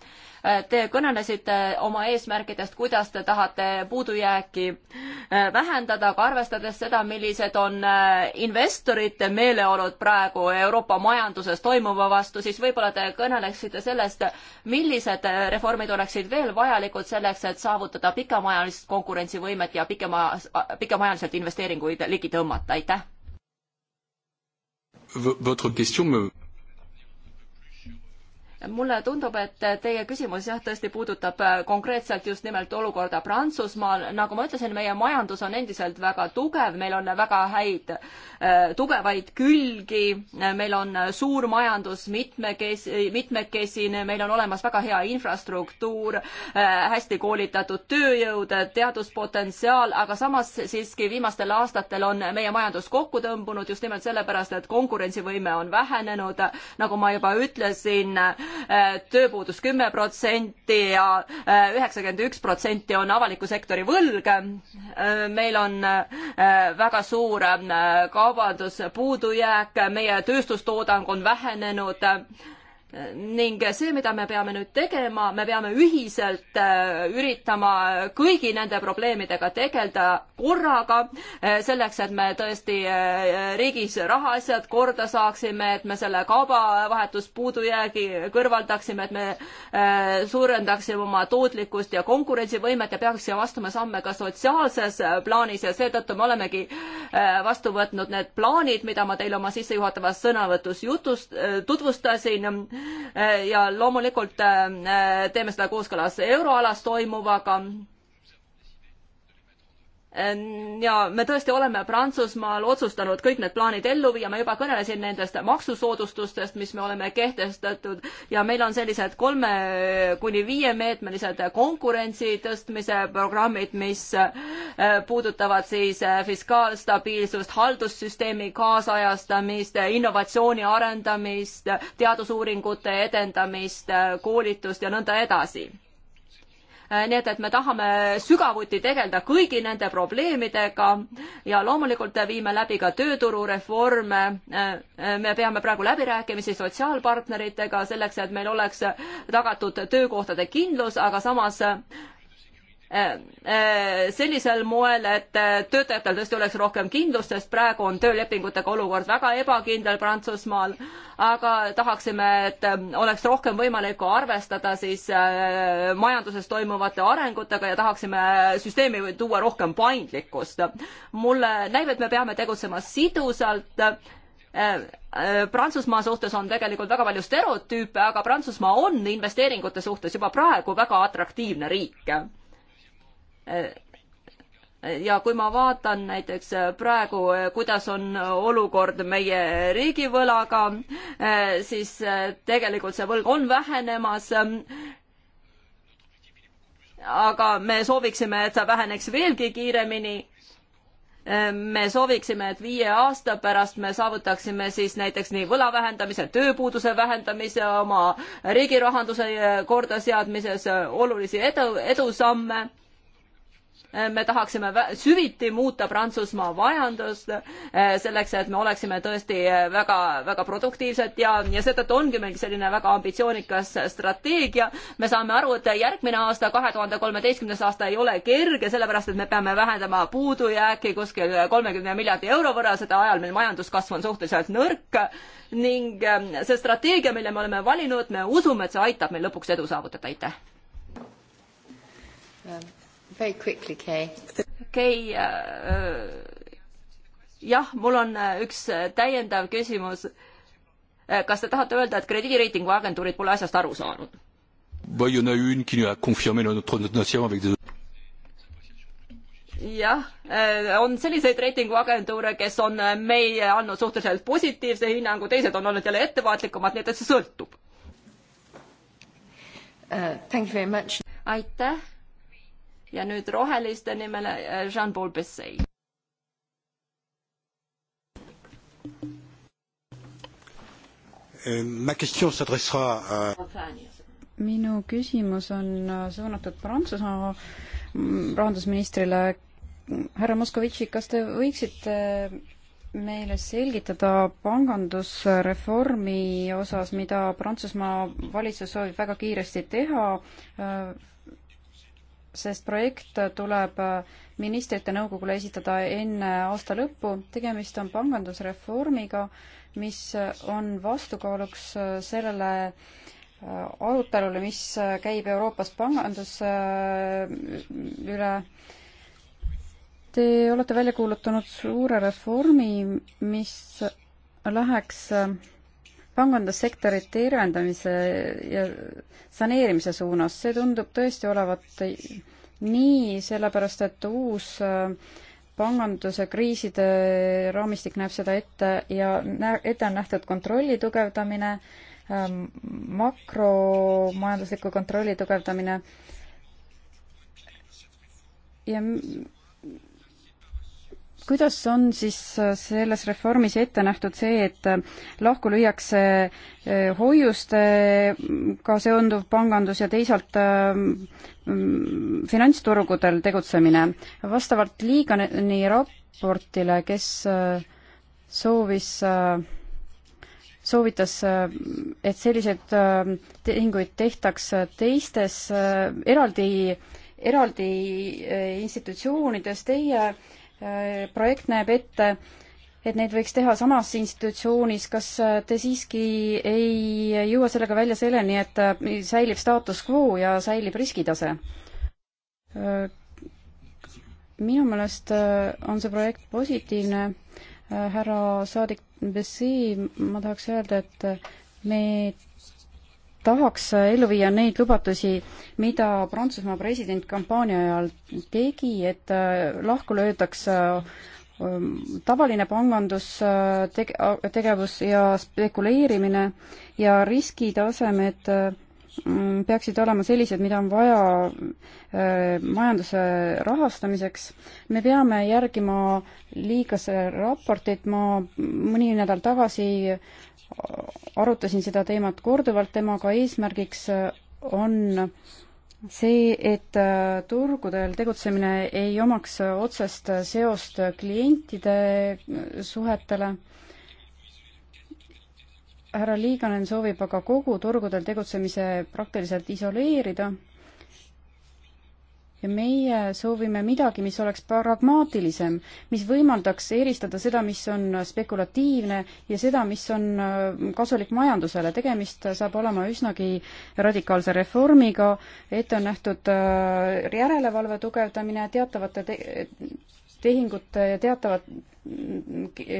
Te kõnelesite äh, oma eesmärkidest, kuidas te tahate puudujääki
äh,
vähendada, aga arvestades seda, millised on äh, investorite meeleolud praegu Euroopa majanduses toimuva vastu, siis võib-olla te kõneleksite sellest, millised reformid oleksid veel vajalikud selleks, et saavutada pikemaajalist konkurentsivõimet ja pikema, pikemaajaliselt investeeringuid ligi tõmmata, aitäh! Votre question me mulle tundub, et teie küsimus jah, tõesti puudutab äh, konkreetselt just nimelt olukorda Prantsusmaal. nagu ma ütlesin, meie majandus on endiselt väga tugev, meil on väga häid, äh, tugevaid külgi, äh, meil on suur majandus, mitmekes-, mitmekesine, meil on olemas väga hea infrastruktuur, hästi koolitatud tööjõud, teaduspotentsiaal, aga samas siiski viimastel aastatel on meie majandus kokku tõmbunud just nimelt sellepärast, et konkurentsivõime on vähenenud, nagu ma juba ütlesin Äh, tööpuudus kümme protsenti ja äh, üheksakümmend üks protsenti on avaliku sektori võlg. Äh, meil on väga suur kaubanduspuudujääk, meie tööstustoodang on vähenenud ning see, mida me peame nüüd tegema, me peame ühiselt äh, üritama kõigi nende probleemidega tegeleda korraga, äh, selleks et me tõesti äh, riigis rahaasjad korda saaksime, et me selle kaubavahetuspuudujäägi kõrvaldaksime, et me suurendaksime oma tootlikkust ja konkurentsivõimet ja peaksime astuma samme ka sotsiaalses plaanis ja seetõttu me olemegi vastu võtnud need plaanid, mida ma teile oma sissejuhatavas sõnavõtus jutust, tutvustasin ja loomulikult äh, teeme seda kooskõlas euroalas toimuvaga Ehm, ja me tõesti oleme Prantsusmaal otsustanud kõik need plaanid ellu viia, ma juba kõnelesin nendest maksusoodustustest, mis me oleme kehtestatud ja meil on sellised kolme kuni viiemeetmelised konkurentsi tõstmise programmid, mis eh, puudutavad siis eh, fiskaalstabiilsust, haldussüsteemi kaasajastamist, innovatsiooni arendamist, teadusuuringute edendamist, eh, koolitust ja nõnda edasi Äh, nii et, et me tahame sügavuti tegeleda kõigi nende probleemidega ja loomulikult viime läbi ka tööturureforme. Äh, äh, me peame praegu läbirääkimisi sotsiaalpartneritega selleks, et meil oleks tagatud töökohtade kindlus, aga samas Äh, äh, sellisel moel, et äh, töötajatel tõesti oleks rohkem kindlust, sest praegu on töölepingutega olukord väga ebakindel Prantsusmaal, aga tahaksime, et oleks rohkem võimalikku arvestada siis majanduses toimuvate arengutega ja tahaksime süsteemi tuua rohkem paindlikkust. mulle näib, et me peame tegutsema sidusalt Prantsusmaa suhtes on tegelikult väga palju stereotüüpe, aga Prantsusmaa on investeeringute suhtes juba praegu väga atraktiivne riik ja kui ma vaatan näiteks praegu, kuidas on olukord meie riigivõlaga, siis tegelikult see võlg on vähenemas. aga me sooviksime, et see väheneks veelgi kiiremini me sooviksime, et viie aasta pärast me saavutaksime siis näiteks nii võla vähendamise, tööpuuduse vähendamise, oma riigi rahanduse kordaseadmises olulisi edu, edusamme me tahaksime süviti muuta Prantsusmaa majandust eh, selleks, et me oleksime tõesti eh, väga, väga produktiivsed ja, ja seetõttu ongi meil selline väga ambitsioonikas strateegia. me saame aru, et järgmine aasta, kahe tuhande kolmeteistkümnes aasta ei ole kerge, sellepärast et me peame vähendama puudujääki kuskil kolmekümne miljardi euro võrra, seda ajal meil majanduskasv on suhteliselt nõrk ning eh, see strateegia, mille me oleme valinud, me usume, et see aitab meil lõpuks edu saavutada, aitäh! Very quickly, Kay. Kay äh,, jah, mul on äh, üks äh, täiendav küsimus. Äh, kas te tahate öelda, et krediidireitingu agentuurid pole asjast aru saanud? jah, on selliseid reitinguagentuure, kes on meie andnud suhteliselt positiivse hinnangu, teised on olnud jälle ettevaatlikumad, nii et see sõltub uh,. aitäh ja nüüd roheliste nimel äh, Jean-Paul Bessey. Äh,
minu küsimus on äh, suunatud Prantsusmaa mm, rahandusministrile. härra Moskovitši, kas te võiksite meile selgitada pangandusreformi osas, mida Prantsusmaa valitsus soovib väga kiiresti teha, sest projekt tuleb ministrite nõukogule esitada enne aasta lõppu. tegemist on pangandusreformiga, mis on vastukaaluks sellele äh, arutelule, mis käib Euroopas panganduse äh, üle. Te olete välja kuulutanud suure reformi, mis läheks äh, pangandussektori tervendamise ja saneerimise suunas, see tundub tõesti olevat nii, sellepärast et uus äh, panganduse kriiside raamistik näeb seda ette ja nä-, ette on nähtud kontrolli tugevdamine, äh, makromajandusliku kontrolli tugevdamine ja kuidas on siis äh, selles reformis ette nähtud see, et äh, lahku lüüakse äh, hoiustega seonduv pangandus ja teisalt mm, finantsturgudel tegutsemine? vastavalt Liigani raportile, kes soovis soovitas, et selliseid tehinguid tehtaks teistes eraldi, eraldi institutsioonides, teie Äh, projekt näeb ette, et neid võiks teha samas institutsioonis, kas äh, te siiski ei jõua sellega välja selleni, et äh, säilib staatus quo ja säilib riskitase? minu meelest on see projekt positiivne. härra saadik Bessi, ma tahaks öelda, et me tahaks ellu viia neid lubadusi, mida Prantsusmaa president kampaania ajal tegi, et äh, lahku löödaks äh, tavaline pangandustegevus äh, ja spekuleerimine ja riskitasemed et Mm, peaksid olema sellised, mida on vaja äh, majanduse rahastamiseks. me peame järgima liigase raportit, ma mõni nädal tagasi arutasin seda teemat korduvalt temaga, eesmärgiks on see, et äh, turgudel tegutsemine ei omaks otsest seost klientide äh, suhetele härra Liiganen soovib aga kogu turgudel tegutsemise praktiliselt isoleerida ja meie soovime midagi, mis oleks pragmaatilisem, mis võimaldaks eristada seda, mis on spekulatiivne ja seda, mis on äh, kasulik majandusele. tegemist saab olema üsnagi radikaalse reformiga, ette on nähtud äh, järelevalve tugevdamine, teatavate te tehingute teatavat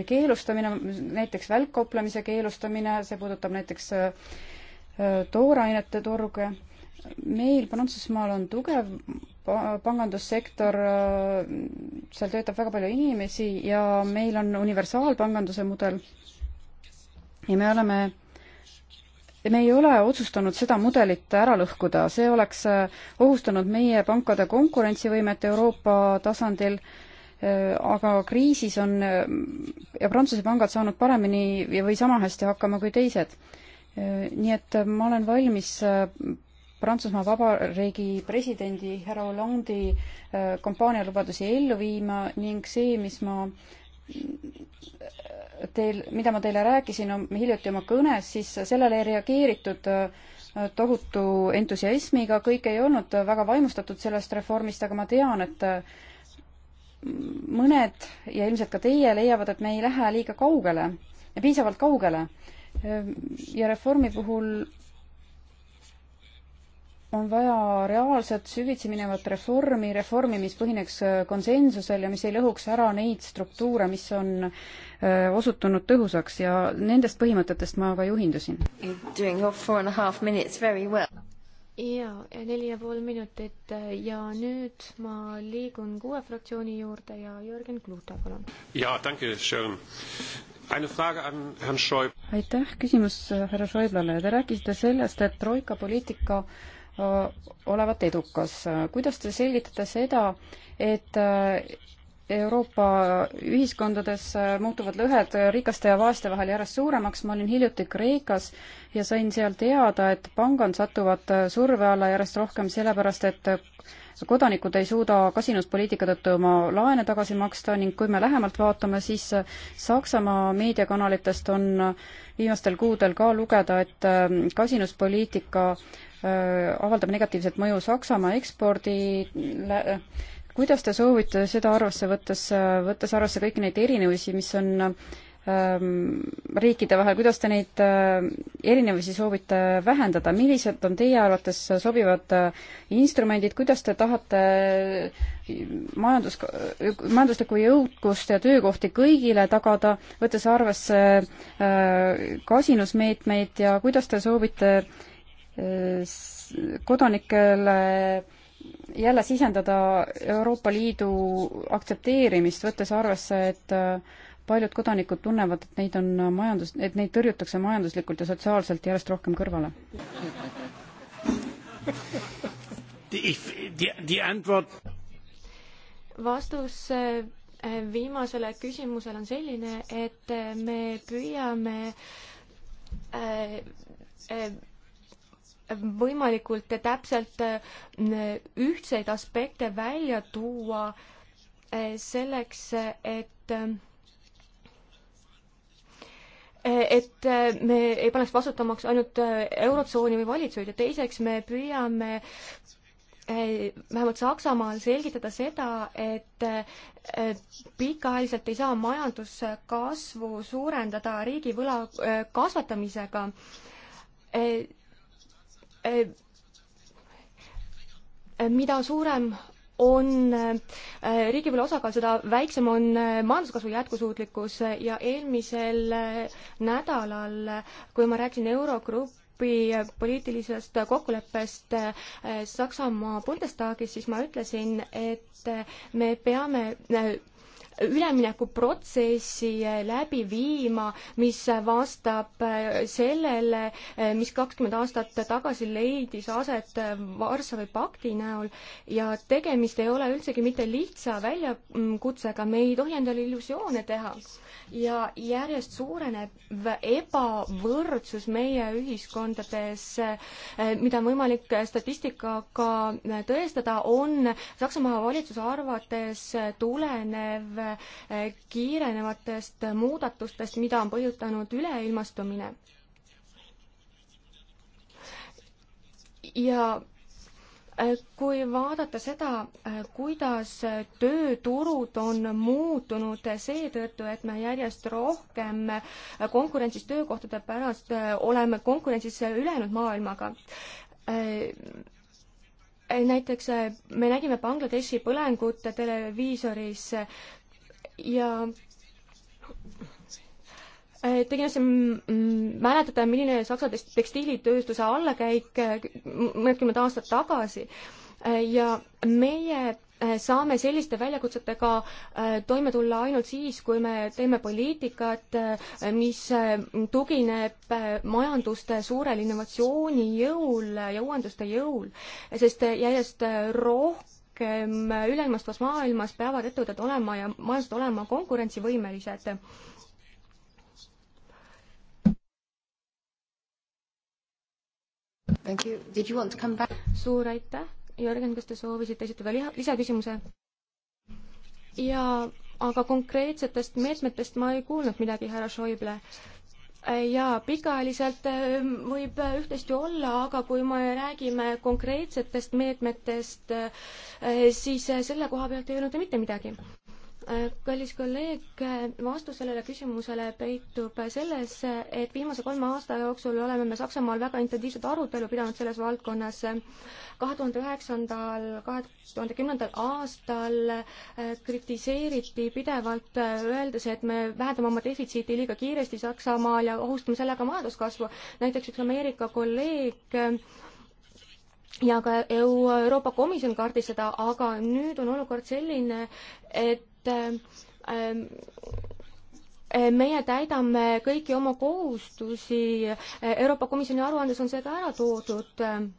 keelustamine, näiteks välkkauplemise keelustamine, see puudutab näiteks äh, äh, toorainete turge. meil Prantsusmaal on tugev pangandussektor, äh, seal töötab väga palju inimesi ja meil on universaalpanganduse mudel. ja me oleme me ei ole otsustanud seda mudelit ära lõhkuda, see oleks ohustanud meie pankade konkurentsivõimet Euroopa tasandil äh, aga kriisis on ja Prantsuse pangad saanud paremini või sama hästi hakkama kui teised. nii et ma olen valmis äh, Prantsusmaa Vabariigi presidendi härra Hollandi äh, kampaanialubadusi ellu viima ning see, mis ma teil, mida ma teile rääkisin um, hiljuti oma kõnes, siis sellele ei reageeritud äh, tohutu entusiasmiga, kõik ei olnud väga vaimustatud sellest reformist, aga ma tean, et mõned ja ilmselt ka teie leiavad, et me ei lähe liiga kaugele ja piisavalt kaugele. ja reformi puhul on vaja reaalset süvitsi minevat reformi, reformi, mis põhineks konsensusel ja mis ei lõhuks ära neid struktuure, mis on äh, osutunud tõhusaks ja nendest põhimõtetest ma ka juhindusin. Well
jaa, neli ja pool minutit ja nüüd ma liigun kuue fraktsiooni juurde ja Jürgen Klute, palun.
jaa, tänke, Sharon. Eine Frage an Herrn Schäuble. aitäh, küsimus äh, härra Schäublele. Te rääkisite sellest, et troika poliitika äh, olevat edukas. Äh, kuidas te selgitate seda, et Euroopa ühiskondades muutuvad lõhed rikaste ja vaeste vahel järjest suuremaks. ma olin hiljuti Kreekas ja sain seal teada, et pangad satuvad surve alla järjest rohkem sellepärast, et kodanikud ei suuda kasinuspoliitika tõttu oma laene tagasi maksta ning kui me lähemalt vaatame, siis Saksamaa meediakanalitest on viimastel kuudel ka lugeda, et kasinuspoliitika äh, avaldab negatiivset mõju Saksamaa ekspordile kuidas te soovite seda arvesse võttes, võttes arvesse kõiki neid erinevusi, mis on ähm, riikide vahel, kuidas te neid äh, erinevusi soovite vähendada, millised on teie arvates sobivad äh, instrumendid, kuidas te tahate äh, majandus, majanduslikku jõukust ja töökohti kõigile tagada, võttes arvesse kasinusmeetmeid ja kuidas te soovite kodanikele jälle sisendada Euroopa Liidu aktsepteerimist, võttes arvesse, et äh, paljud kodanikud tunnevad, et neid on äh, majandus, et neid tõrjutakse majanduslikult ja sotsiaalselt järjest rohkem kõrvale?
vastus äh, viimasele küsimusele on selline, et me püüame võimalikult täpselt äh, ühtseid aspekte välja tuua äh, selleks, et äh, et me ei paneks vastutamaks ainult Eurotsooni või valitsuid ja teiseks me püüame vähemalt Saksamaal selgitada seda, et pikaajaliselt ei saa majanduskasvu suurendada riigivõla kasvatamisega Äh, mida suurem on äh, riigivõla osakaal, seda väiksem on äh, majanduskasvu jätkusuutlikkus ja eelmisel nädalal, kui ma rääkisin Eurogrupi poliitilisest kokkuleppest Saksamaa Bundestagis, siis ma ütlesin, et me peame üleminekuprotsessi läbi viima, mis vastab sellele, mis kakskümmend aastat tagasi leidis aset Varssavi pakti näol ja tegemist ei ole üldsegi mitte lihtsa väljakutsega, me ei tohi endale illusioone teha. ja järjest suureneb ebavõrdsus meie ühiskondades, mida on võimalik statistikaga tõestada, on Saksamaa valitsuse arvates tulenev kiirenevatest muudatustest, mida on põhjustanud üleilmastumine. ja äh, kui vaadata seda, äh, kuidas tööturud on muutunud seetõttu, et me järjest rohkem äh, konkurentsis töökohtade pärast oleme konkurentsis ülejäänud maailmaga, näiteks me nägime Bangladeshi põlengut televiisoris ja äh, Te kindlasti mm, mäletate, milline Saksa tekstiilitööstuse allakäik äh, mõnikümmend aastat tagasi äh, ja meie saame selliste väljakutsetega toime tulla ainult siis, kui me teeme poliitikat, mis tugineb majanduste suurel innovatsiooni jõul ja uuenduste jõul, sest järjest rohkem rohkem üleilmastuvas maailmas peavad ettevõtted olema ja majandused olema konkurentsivõimelised. suur aitäh, Jörgen, kas te soovisite esitada lisaküsimuse? jaa, aga konkreetsetest meetmetest ma ei kuulnud midagi, härra Schäuble ja pikaajaliselt äh, võib äh, üht-teist ju olla, aga kui me räägime konkreetsetest meetmetest, äh, siis selle koha pealt ei öelda mitte midagi kallis kolleeg, vastus sellele küsimusele peitub selles, et viimase kolme aasta jooksul oleme me Saksamaal väga intensiivset arutelu pidanud selles valdkonnas. kahe tuhande üheksandal, kahe tuhande kümnendal aastal äh, kritiseeriti pidevalt, äh, öeldes, et me vähendame oma defitsiiti liiga kiiresti Saksamaal ja ohustame sellega majanduskasvu. näiteks üks Ameerika kolleeg ja ka Euroopa Komisjon kaardis seda, aga nüüd on olukord selline, et et ähm, äh, meie täidame kõiki oma kohustusi, Euroopa Komisjoni aruandes on see ka ära toodud ähm,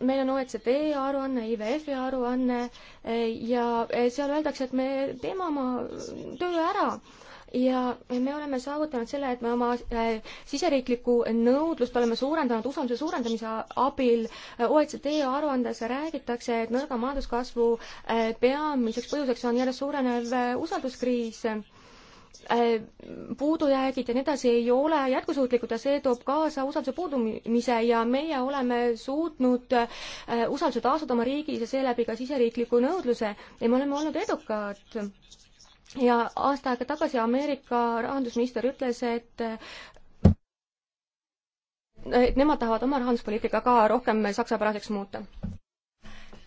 meil on OECD aruanne, IWF-i aruanne äh, ja äh, seal öeldakse, et me teeme oma töö ära ja me oleme saavutanud selle, et me oma äh, siseriiklikku nõudlust oleme suurendanud usalduse suurendamise abil. Äh, OECD aruandes räägitakse, et nõrga majanduskasvu äh, peamiseks põhjuseks on järjest suurenev usalduskriis puudujäägid ja nii edasi ei ole jätkusuutlikud ja see toob kaasa usalduse puudumise ja meie oleme suutnud usalduse taastada oma riigis ja seeläbi ka siseriikliku nõudluse ja me oleme olnud edukad ja aasta aega tagasi Ameerika rahandusminister ütles, et et nemad tahavad oma rahanduspoliitika ka rohkem saksapäraseks muuta.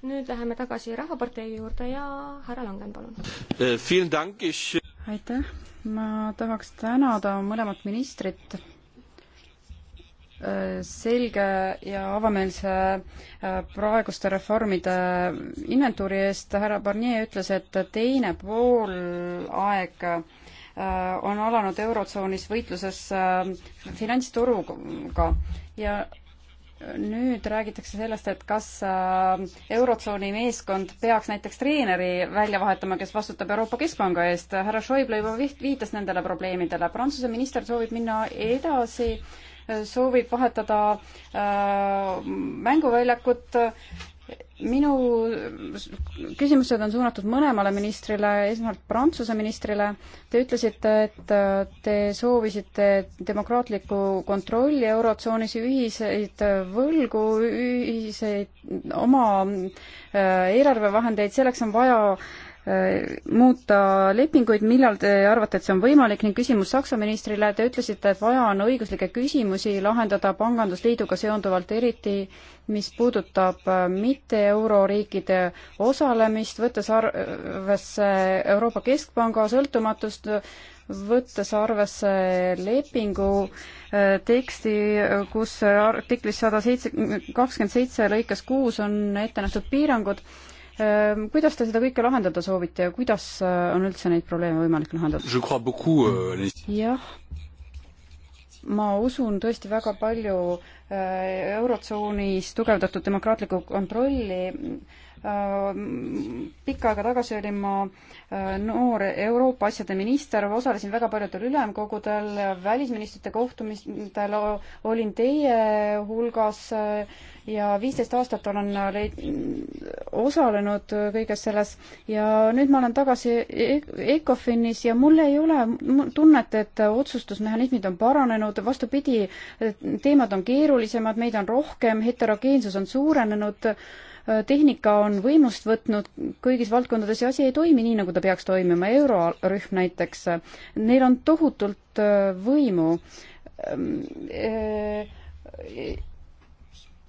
nüüd läheme tagasi Rahvapartei juurde ja härra Langen,
palun. Äh, aitäh, ma tahaks tänada mõlemat ministrit selge ja avameelse äh, praeguste reformide inventuuri eest. härra Barnier ütles, et teine poolaeg äh, on alanud Eurotsoonis võitluses äh, finantsturuga ja nüüd räägitakse sellest, et kas Eurotsooni meeskond peaks näiteks treeneri välja vahetama, kes vastutab Euroopa Keskpanga eest. härra Schäuble juba viitas nendele probleemidele. Prantsuse minister soovib minna edasi soovib vahetada äh, mänguväljakut. minu küsimused on suunatud mõlemale ministrile, esmalt Prantsuse ministrile. Te ütlesite, et äh, te soovisite demokraatlikku kontrolli Eurotsoonis, ühiseid võlgu, ühiseid oma äh, eelarvevahendeid, selleks on vaja äh, muuta lepinguid, millal te arvate, et see on võimalik ning küsimus Saksa ministrile, te ütlesite, et vaja on õiguslikke küsimusi lahendada pangandusliiduga seonduvalt, eriti mis puudutab äh, mitte euroriikide osalemist, võttes arvesse Euroopa Keskpanga sõltumatust, võttes arvesse lepingu äh, teksti, kus artiklis sada seitse, kakskümmend seitse lõikes kuus on ette nähtud piirangud Ehm, kuidas te seda kõike lahendada soovite ja kuidas äh, on üldse neid probleeme võimalik lahendada?
Euh,
jah, ma usun tõesti väga palju äh, Eurotsoonis tugevdatud demokraatlikku kontrolli Äh, pikka aega tagasi olin ma äh, noor Euroopa asjade minister, osalesin väga paljudel ülemkogudel, välisministrite kohtumistel olin teie hulgas äh, ja viisteist aastat olen osalenud kõiges selles ja nüüd ma olen tagasi e-, ECOFINis ja mul ei ole tunnet, et otsustusmehhanismid on paranenud, vastupidi, teemad on keerulisemad, meid on rohkem, heterogeensus on suurenenud Äh, tehnika on võimust võtnud kõigis valdkondades ja asi ei toimi nii, nagu ta peaks toimima, eurorühm näiteks, äh, neil on tohutult äh, võimu ähm,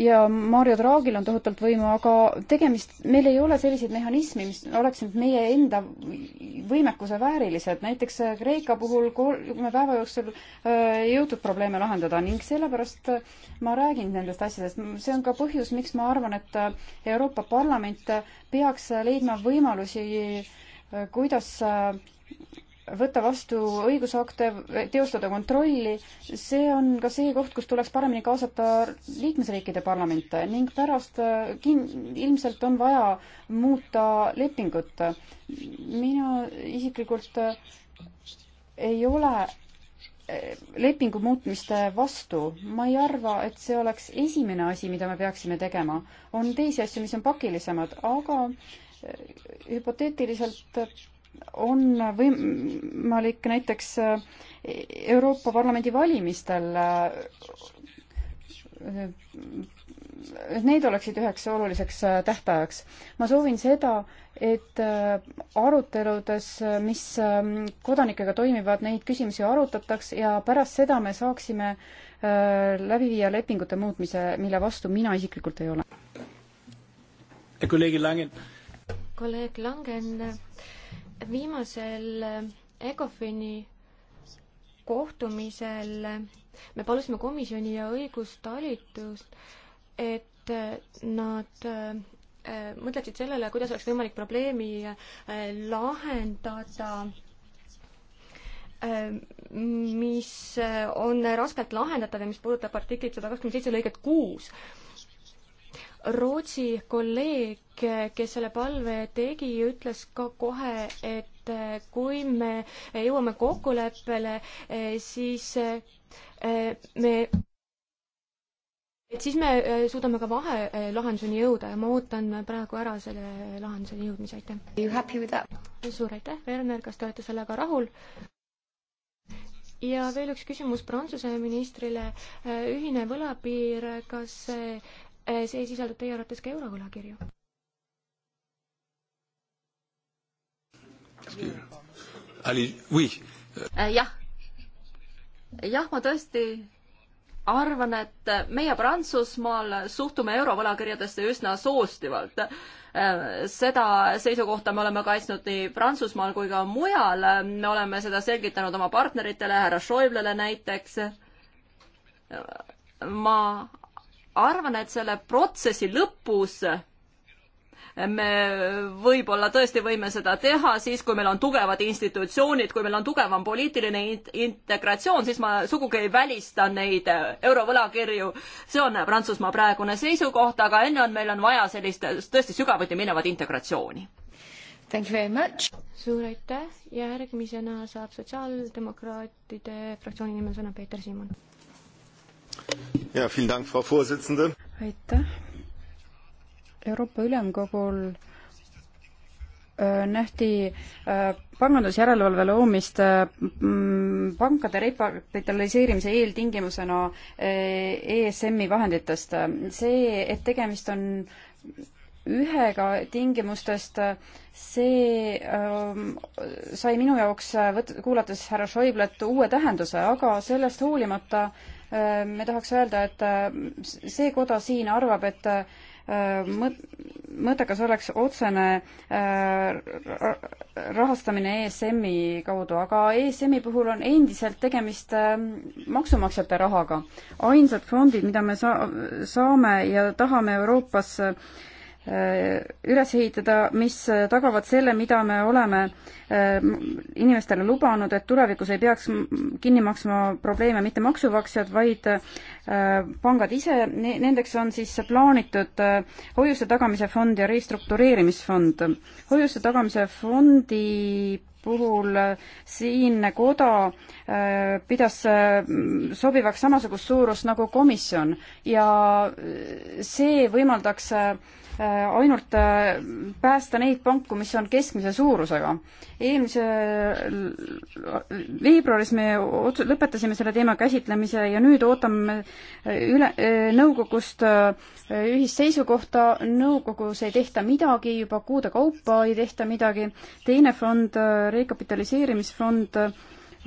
ja Mario Draagil on tohutult võimu, aga tegemist, meil ei ole selliseid mehhanisme, mis oleksid meie enda võimekuse väärilised. näiteks äh, Kreeka puhul kolme päeva jooksul äh, ei jõutud probleeme lahendada ning sellepärast äh, ma räägin nendest asjadest. see on ka põhjus, miks ma arvan, et Euroopa Parlament peaks leidma võimalusi, kuidas võtta vastu õigusakte, teostada kontrolli, see on ka see koht, kus tuleks paremini kaasata liikmesriikide parlamente ning pärast äh, kin-, ilmselt on vaja muuta lepingut. mina isiklikult äh, ei ole äh, lepingu muutmiste vastu. ma ei arva, et see oleks esimene asi, mida me peaksime tegema. on teisi asju, mis on pakilisemad, aga hüpoteetiliselt on võimalik näiteks äh, Euroopa Parlamendi valimistel et äh, need oleksid üheks oluliseks äh, tähtpäevaks. ma soovin seda, et aruteludes, mis kodanikega toimivad, neid küsimusi arutataks ja pärast seda me saaksime läbi viia lepingute muutmise, mille vastu mina isiklikult ei ole. kolleeg Langen.
kolleeg Langen viimasel äh, ECOFIN-i kohtumisel äh, me palusime komisjoni ja õigustalitust, et äh, nad mõtleksid sellele, kuidas oleks võimalik probleemi lahendada, mis on raskelt lahendatav ja mis puudutab artiklit sada kakskümmend seitse lõiget kuus Rootsi kolleeg, kes selle palve tegi, ütles ka kohe, et eh, kui me jõuame kokkuleppele, eh, siis eh, me et siis me suudame ka vahelahenduseni jõuda ja ma ootan praegu ära selle lahenduseni jõudmise, aitäh. suur aitäh, Werner, kas te olete sellega rahul? ja veel üks küsimus Prantsuse ministrile. ühine võlapiir, kas see Eh, see sisaldab teie arvates ka eurovõlakirju?
Eh, jah, jah, ma tõesti arvan, et meie Prantsusmaal suhtume eurovõlakirjadesse üsna soostivalt. Eh, seda seisukohta me oleme kaitsnud nii Prantsusmaal kui ka mujal, me oleme seda selgitanud oma partneritele, härra Schäublele näiteks. ma arvan, et selle protsessi lõpus me võib-olla tõesti võime seda teha siis, kui meil on tugevad institutsioonid, kui meil on tugevam poliitiline integratsioon, siis ma sugugi ei välista neid eurovõlakirju. see on Prantsusmaa praegune seisukoht, aga enne on, meil on vaja sellist tõesti sügavuti minevat integratsiooni. Thank you very much.
suur aitäh ja järgmisena saab sotsiaaldemokraatide fraktsiooni nimel sõna
Peeter Siimon aitäh. Euroopa Ülemkogul äh, nähti äh, pangandusjärelevalve loomist äh, mm, pankade rekapitaliseerimise eeltingimusena ESM-i vahenditest. see, et tegemist on ühega tingimustest, see ähm, sai minu jaoks, kuulates härra Schäublet, uue tähenduse, aga sellest hoolimata äh, Ehm, me tahaks öelda, et ehm, see koda siin arvab, et ehm, mõttekas oleks otsene rahastamine ESM-i kaudu, aga ESM-i puhul on endiselt tegemist maksumaksjate rahaga. ainsad fondid, mida me saa-, saame ja tahame Euroopas äh, Äh, üles ehitada, mis tagavad selle, mida me oleme äh, inimestele lubanud, et tulevikus ei peaks kinni maksma probleeme mitte maksumaksjad, vaid äh, pangad ise, nendeks on siis plaanitud hoiuste tagamise fond ja restruktureerimisfond. hoiuste tagamise fondi puhul siinne koda pidas sobivaks samasugust suurust nagu komisjon ja see võimaldaks Äh, ainult äh, päästa neid panku, mis on keskmise suurusega. eelmise veebruaris me ots-, lõpetasime selle teema käsitlemise ja nüüd ootame äh, üle, nõukogust ühist seisukohta, nõukogus ei tehta midagi, juba kuude kaupa ei tehta midagi, teine fond, rekapitaliseerimisfond,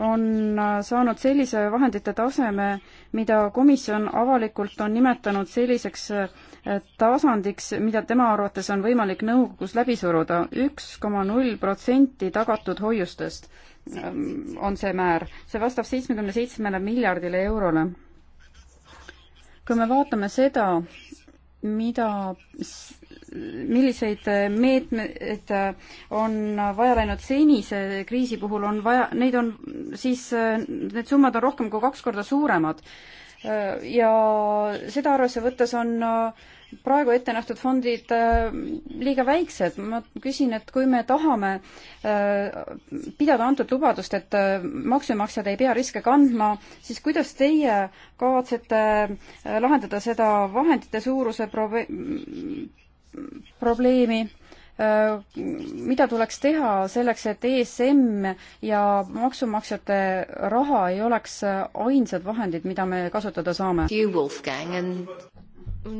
on saanud sellise vahendite taseme, mida komisjon avalikult on nimetanud selliseks äh, tasandiks, mida tema arvates on võimalik nõukogus läbi suruda. üks koma null protsenti tagatud hoiustest ähm, on see määr. see vastab seitsmekümne seitsmele miljardile eurole. kui me vaatame seda, mida, milliseid meetmeid äh, on vaja läinud senise kriisi puhul, on vaja, neid on siis, äh, need summad on rohkem kui kaks korda suuremad ja seda arvesse võttes on äh, praegu ette nähtud fondid äh, liiga väiksed. ma küsin, et kui me tahame äh, pidada antud lubadust, et maksumaksjad ei pea riske kandma, siis kuidas teie kavatsete lahendada seda vahendite suuruse probe-, probleemi? Äh, mida tuleks teha selleks, et ESM ja maksumaksjate raha ei oleks ainsad vahendid, mida me kasutada saame?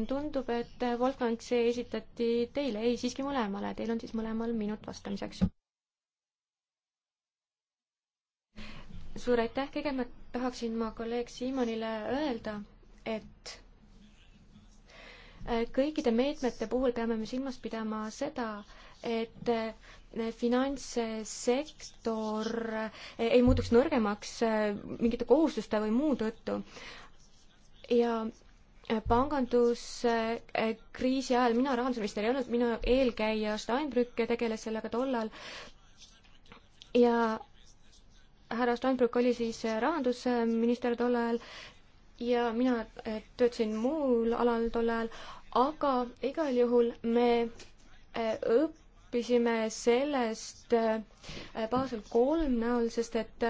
tundub, et äh, Wolfgang, see esitati teile, ei siiski mõlemale, teil on siis mõlemal minut vastamiseks. suur aitäh, kõigepealt tahaksin ma kolleeg Siimonile öelda, et kõikide meetmete puhul peame me silmas pidama seda, et eh, finantssektor eh, ei muutuks nõrgemaks eh, mingite kohustuste või muu tõttu. ja panganduskriisi ajal, mina rahandusminister ei olnud, minu eelkäija Steinbrück tegeles sellega tollal ja härra Steinbrück oli siis rahandusminister tol ajal ja mina eh, töötasin muul alal tol ajal, aga igal juhul me eh, õppisime sellest eh, Basel kolm näol, sest et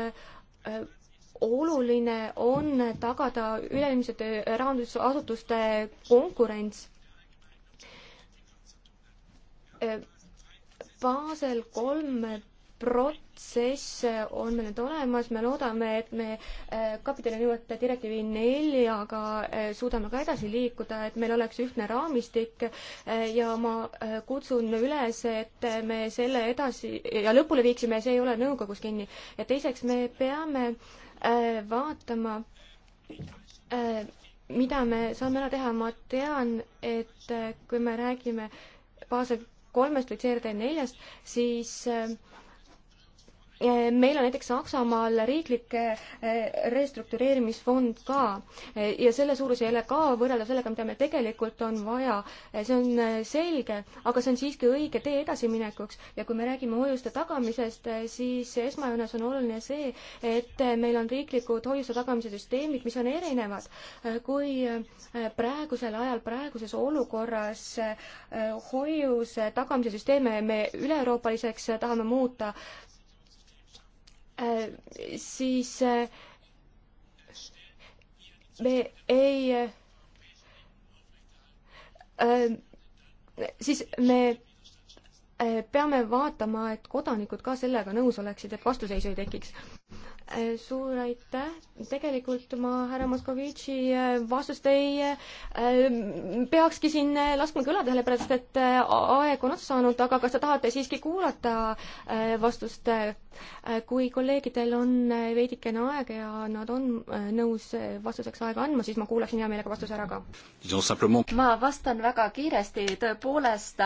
oluline on tagada üleilmsete rahandusasutuste konkurents Basel kolm prot-, protsess äh, on meil nüüd olemas, me loodame, et me äh, kapitalinõuete direktiivi neljaga äh, suudame ka edasi liikuda, et meil oleks ühtne raamistik ja ma kutsun üles, et me selle edasi ja lõpule viiksime, see ei ole nõukogus kinni. ja teiseks, me peame vaatama mida me saame ära teha, ma tean, et kui me räägime Basel kolmest või CRD neljast, siis äh, Eh, meil on näiteks Saksamaal riiklik eh, restruktureerimisfond ka eh, ja selle suurus ei ole ka võrreldav sellega, mida meil tegelikult on vaja. see on selge, aga see on siiski õige tee edasiminekuks ja kui me räägime hoiuste tagamisest, siis esmajoones on oluline see, et meil on riiklikud hoiuste tagamise süsteemid, mis on erinevad. kui praegusel ajal, praeguses olukorras hoiuse tagamise süsteeme me üle-euroopaliseks tahame muuta, Äh, äh, äh, siis me ei, siis me peame vaatama, et kodanikud ka sellega nõus oleksid, et vastuseisu ei tekiks. Eh, suur aitäh, tegelikult ma härra Moskovitši eh, vastust ei eh, peakski siin laskma kõlada, sellepärast et aeg on otsa saanud, aga kas te tahate siiski kuulata vastust? kui kolleegidel on veidikene aega ja nad on nõus
vastuseks aega andma, siis ma kuulaksin hea meelega vastuse ära ka. ma vastan väga kiiresti, tõepoolest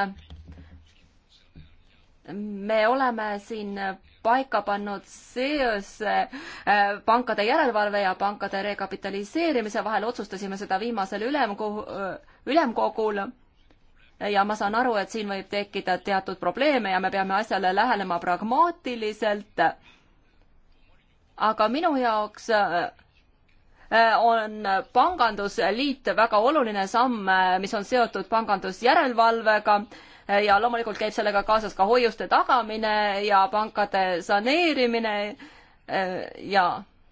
me oleme siin paika pannud seose äh, pankade järelevalve ja pankade rekapitaliseerimise vahel, otsustasime seda viimasel ülemkogu, äh, ülemkogul. ja ma saan aru, et siin võib tekkida teatud probleeme ja me peame asjale lähenema pragmaatiliselt. aga minu jaoks äh, on pangandusliit väga oluline samm, mis on seotud pangandusjärelevalvega Eh, ja loomulikult käib sellega kaasas ka hoiuste tagamine ja pankade saneerimine eh, ja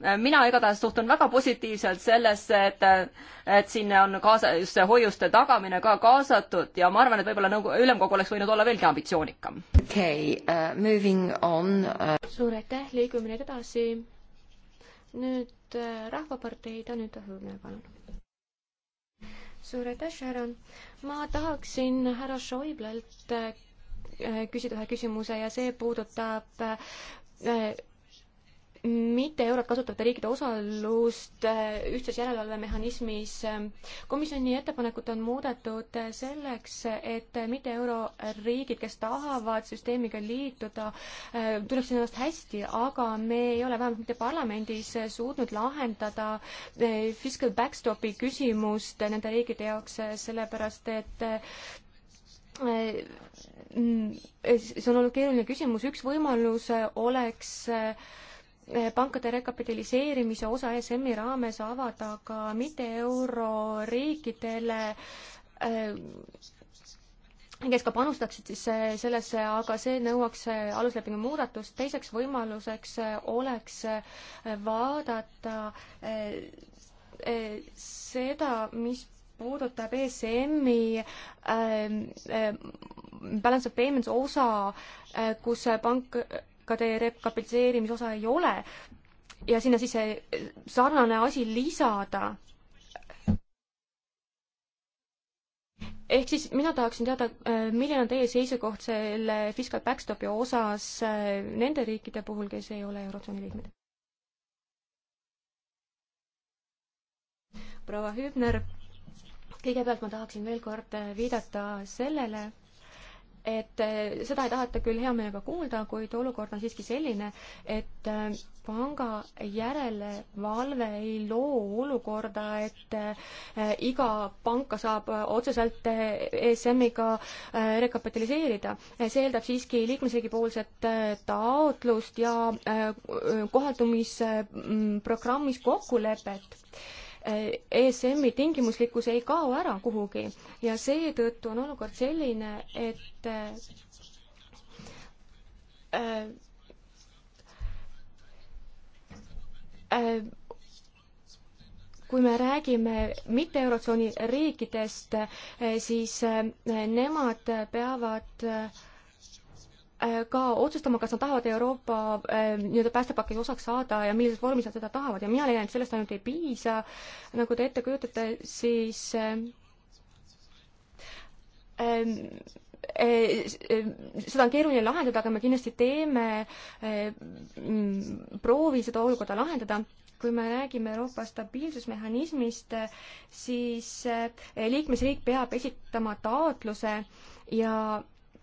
eh, mina igatahes suhtun väga positiivselt sellesse, et, et sinna on kaasa, just see hoiuste tagamine ka kaasatud ja ma arvan, et võib-olla nõukogu, ülemkogu oleks võinud olla veelgi ambitsioonikam. okei okay, uh,, moving on uh.... suur
aitäh, liigume nüüd edasi. nüüd uh, Rahvapartei Tanel Tõhumäe, palun suur aitäh, Sharon. ma tahaksin härra Schäublelt äh, küsida ühe küsimuse ja see puudutab äh, mitte eurot kasutavate riikide osalust äh, ühtses järelevalvemehhanismis. komisjoni ettepanekut on muudetud selleks, et mitte euroriigid, kes tahavad süsteemiga liituda, äh, tunneksid ennast hästi, aga me ei ole vähemalt mitte parlamendis suutnud lahendada äh, fiscal backstopi küsimust nende riikide jaoks, sellepärast et mm, see on olnud keeruline küsimus, üks võimalus oleks äh, pankade rekapitaliseerimise osa ESM-i raames avada ka mitte euroriikidele äh, kes ka panustaksid siis äh, sellesse, aga see nõuaks äh, aluslepingu muudatust. teiseks võimaluseks oleks vaadata seda, mis puudutab ESM-i äh, balance of payments osa äh,, kus pank äh, pankade rekapitaliseerimise osa ei ole ja sinna siis see sarnane asi lisada. ehk siis mina tahaksin teada, milline on teie seisukoht selle fiscal backstopi osas eh, nende riikide puhul, kes ei ole Eurotsooni liikmed? proua Hübner, kõigepealt ma tahaksin veel kord eh, viidata sellele, et eh, seda ei taheta küll hea meelega kuulda, kuid olukord on siiski selline, et eh, panga järelevalve ei loo olukorda, et eh, iga panka saab otseselt ESM-iga rekapitaliseerida. see eeldab siiski liikmesriigi poolset taotlust ja kohaldumisprogrammis mm, kokkulepet ESM-i tingimuslikkus ei kao ära kuhugi ja seetõttu on olukord selline, et äh, äh, kui me räägime mitte eurotsooni riikidest, äh, siis äh, nemad peavad äh, Äh, ka otsustama, kas nad tahavad Euroopa äh, nii-öelda päästepaketi osaks saada ja millises vormis nad seda tahavad ja mina leian, et sellest ainult ei piisa. nagu te ette kujutate, siis äh, seda on keeruline lahendada, aga me kindlasti teeme mm, proovi seda olukorda lahendada. kui me räägime Euroopa stabiilsusmehhanismist, siis liikmesriik peab esitama taotluse ja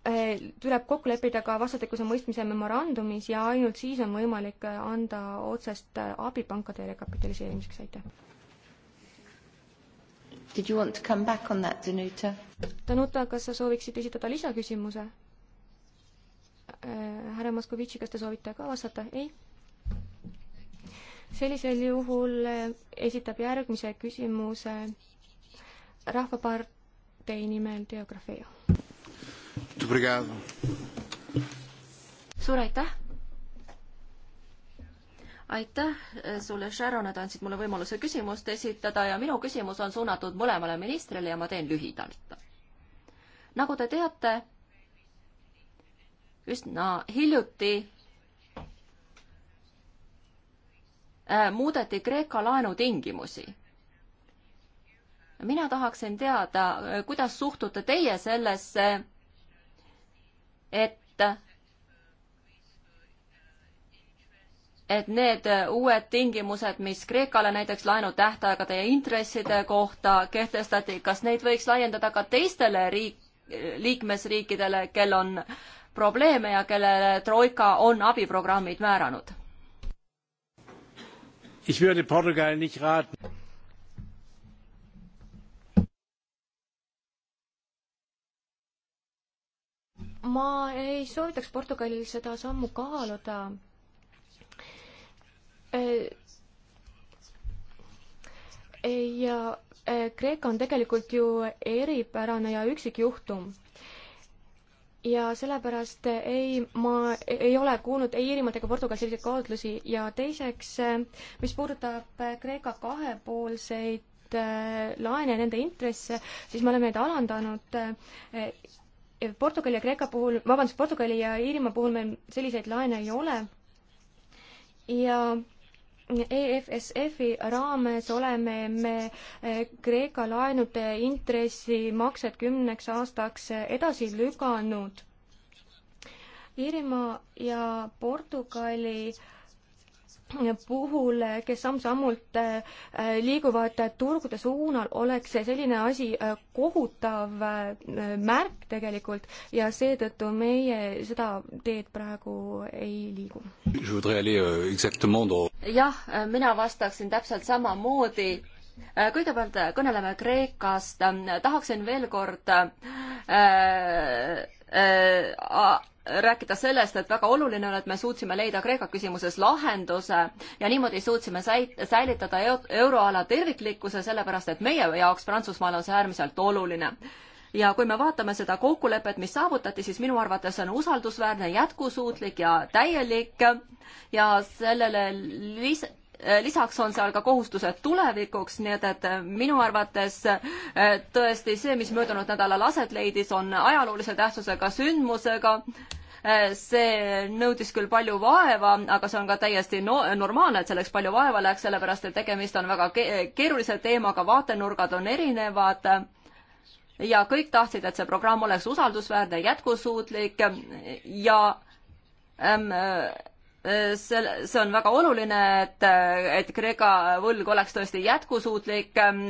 Eh, tuleb kokku leppida ka vastastikuse mõistmise memorandumis ja ainult siis on võimalik eh, anda otsest eh, abi pankade rekapitaliseerimiseks, aitäh.
Did you want to come back on that, Danuta?
Danuta, kas sa sooviksid esitada lisaküsimuse? härra Moskovitši, kas te soovite ka vastata? ei? sellisel juhul esitab järgmise küsimuse Rahvapartei nimel
Geografia suur aitäh! aitäh eh, sulle, Sharon, et andsid mulle võimaluse küsimust esitada ja minu küsimus on suunatud mõlemale ministrile ja ma teen lühidalt. nagu te teate, üsna hiljuti eh, muudeti Kreeka laenutingimusi. mina tahaksin teada, eh, kuidas suhtute teie sellesse et et need uued tingimused, mis Kreekale näiteks laenu tähtaegade ja intresside kohta kehtestati, kas neid võiks laiendada ka teistele riik, liikmesriikidele, kel on probleeme ja kellele Troika on abiprogrammid määranud?
ma ei soovitaks Portugalil seda sammu kaaluda. Äh, ja äh, Kreeka on tegelikult ju eripärane ja üksikjuhtum ja sellepärast ei, ma ei ole kuulnud ei Iirimaalt ega Portugal selliseid kaotlusi ja teiseks, äh, mis puudutab Kreeka kahepoolseid laene ja nende intresse, siis me oleme neid alandanud Portugali ja Kreeka puhul, vabandust, Portugali ja Iirimaa puhul meil selliseid laene ei ole. ja EFSF-i raames oleme me eh, Kreeka laenude intressimaksed kümneks aastaks eh, edasi lükanud. Iirimaa ja Portugali äh, puhul, kes samm-sammult äh, liiguvad turgude suunal, oleks selline asi äh, kohutav äh, märk tegelikult ja seetõttu meie seda teed praegu ei
liigu. Euh, jah, mina vastaksin täpselt samamoodi kõigepealt kõneleme Kreekast, tahaksin veel kord äh, äh, rääkida sellest, et väga oluline on, et me suutsime leida Kreeka küsimuses lahenduse ja niimoodi suutsime säit-, säilitada euroala terviklikkuse, sellepärast et meie jaoks Prantsusmaal on see äärmiselt oluline. ja kui me vaatame seda kokkulepet, mis saavutati, siis minu arvates see on usaldusväärne, jätkusuutlik ja täielik ja sellele lis-, Äh, lisaks on seal ka kohustused tulevikuks, nii et, et äh, minu arvates äh, tõesti see, mis möödunud nädalal aset leidis, on ajaloolise tähtsusega sündmusega see nõudis küll palju vaeva, aga see on ka täiesti no normaalne, et selleks palju vaeva läks, sellepärast et tegemist on väga ke keerulise teemaga, vaatenurgad on erinevad ja kõik tahtsid, et see programm oleks usaldusväärne, jätkusuutlik ja ähm, selle, see on väga oluline, et, et Kreeka võlg oleks tõesti jätkusuutlik äh,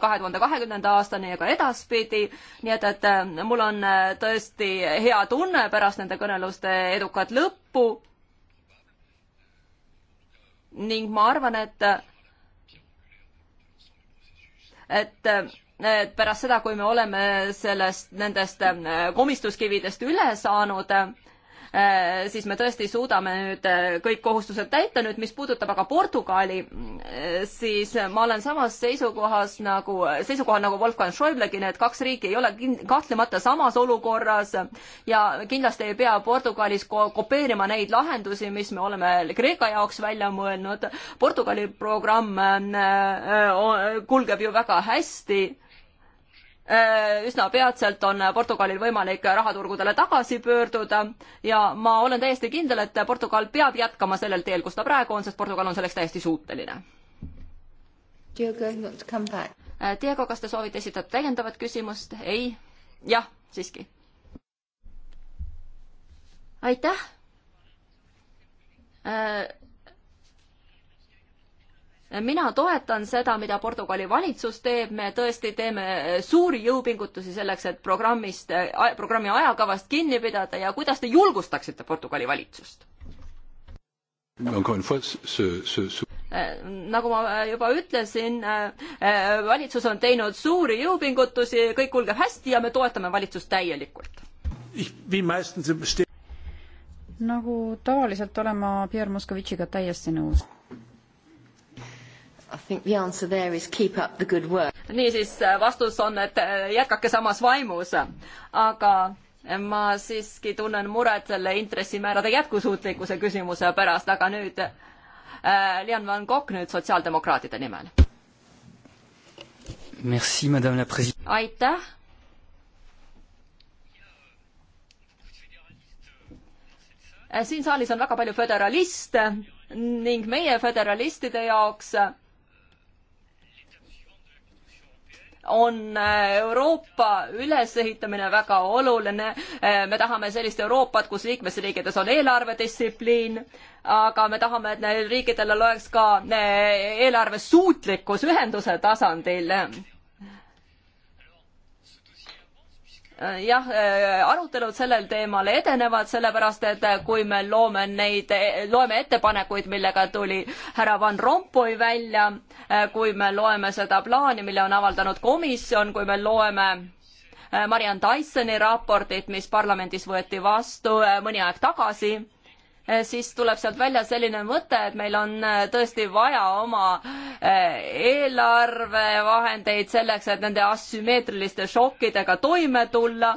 kahe tuhande kahekümnenda aastani ja ka edaspidi. nii et, et äh, mul on äh, tõesti hea tunne pärast nende kõneluste edukat lõppu. ning ma arvan, et, et et pärast seda, kui me oleme sellest, nendest komistuskividest üle saanud äh,, Äh, siis me tõesti suudame nüüd äh, kõik kohustused täita. nüüd, mis puudutab aga Portugali, äh, siis ma olen samas seisukohas nagu, seisukohal nagu Wolfgang Schäublekin, et kaks riiki ei ole kahtlemata samas olukorras ja kindlasti ei pea Portugalis ko kopeerima neid lahendusi, mis me oleme Kreeka jaoks välja mõelnud. Portugali programm kulgeb ju väga hästi Äh, üsna peatselt on Portugalil võimalik rahaturgudele tagasi pöörduda ja ma olen täiesti kindel, et Portugal peab jätkama sellel teel, kus ta praegu on, sest Portugal on selleks täiesti suuteline. Äh, Diego, kas te soovite esitada täiendavat küsimust? ei? jah, siiski. aitäh äh, mina toetan seda, mida Portugali valitsus teeb, me tõesti teeme eh, suuri jõupingutusi selleks, et programmist, eh, programmi ajakavast kinni pidada ja kuidas te julgustaksite Portugali valitsust? Eh, nagu ma juba ütlesin, valitsus on teinud suuri jõupingutusi, kõik kulgeb hästi ja me toetame valitsust täielikult.
nagu tavaliselt olen ma Pierre Moskovitšiga täiesti nõus
nii siis äh, vastus on, et äh, jätkake samas vaimus, aga äh, ma siiski tunnen muret selle intressimäärade jätkusuutlikkuse küsimuse pärast, aga nüüd äh, Lian Van Gogh nüüd sotsiaaldemokraatide nimel. aitäh siin saalis on väga palju föderaliste ning meie föderalistide jaoks on äh, Euroopa ülesehitamine väga oluline. Äh, me tahame sellist Euroopat, kus liikmesriikides on eelarvedistsipliin, aga me tahame, et neil riikidel oleks ka äh, eelarvesuutlikkus ühenduse tasandil jah, arutelud sellel teemal edenevad, sellepärast et kui me loome neid, loeme ettepanekuid, millega tuli härra Van Rompuy välja, kui me loeme seda plaani, mille on avaldanud komisjon, kui me loeme eh, Marianne Dysoni raportit, mis parlamendis võeti vastu eh, mõni aeg tagasi Eh, siis tuleb sealt välja selline mõte, et meil on eh, tõesti vaja oma eh, eelarvevahendeid selleks, et nende asümmeetriliste šokkidega toime tulla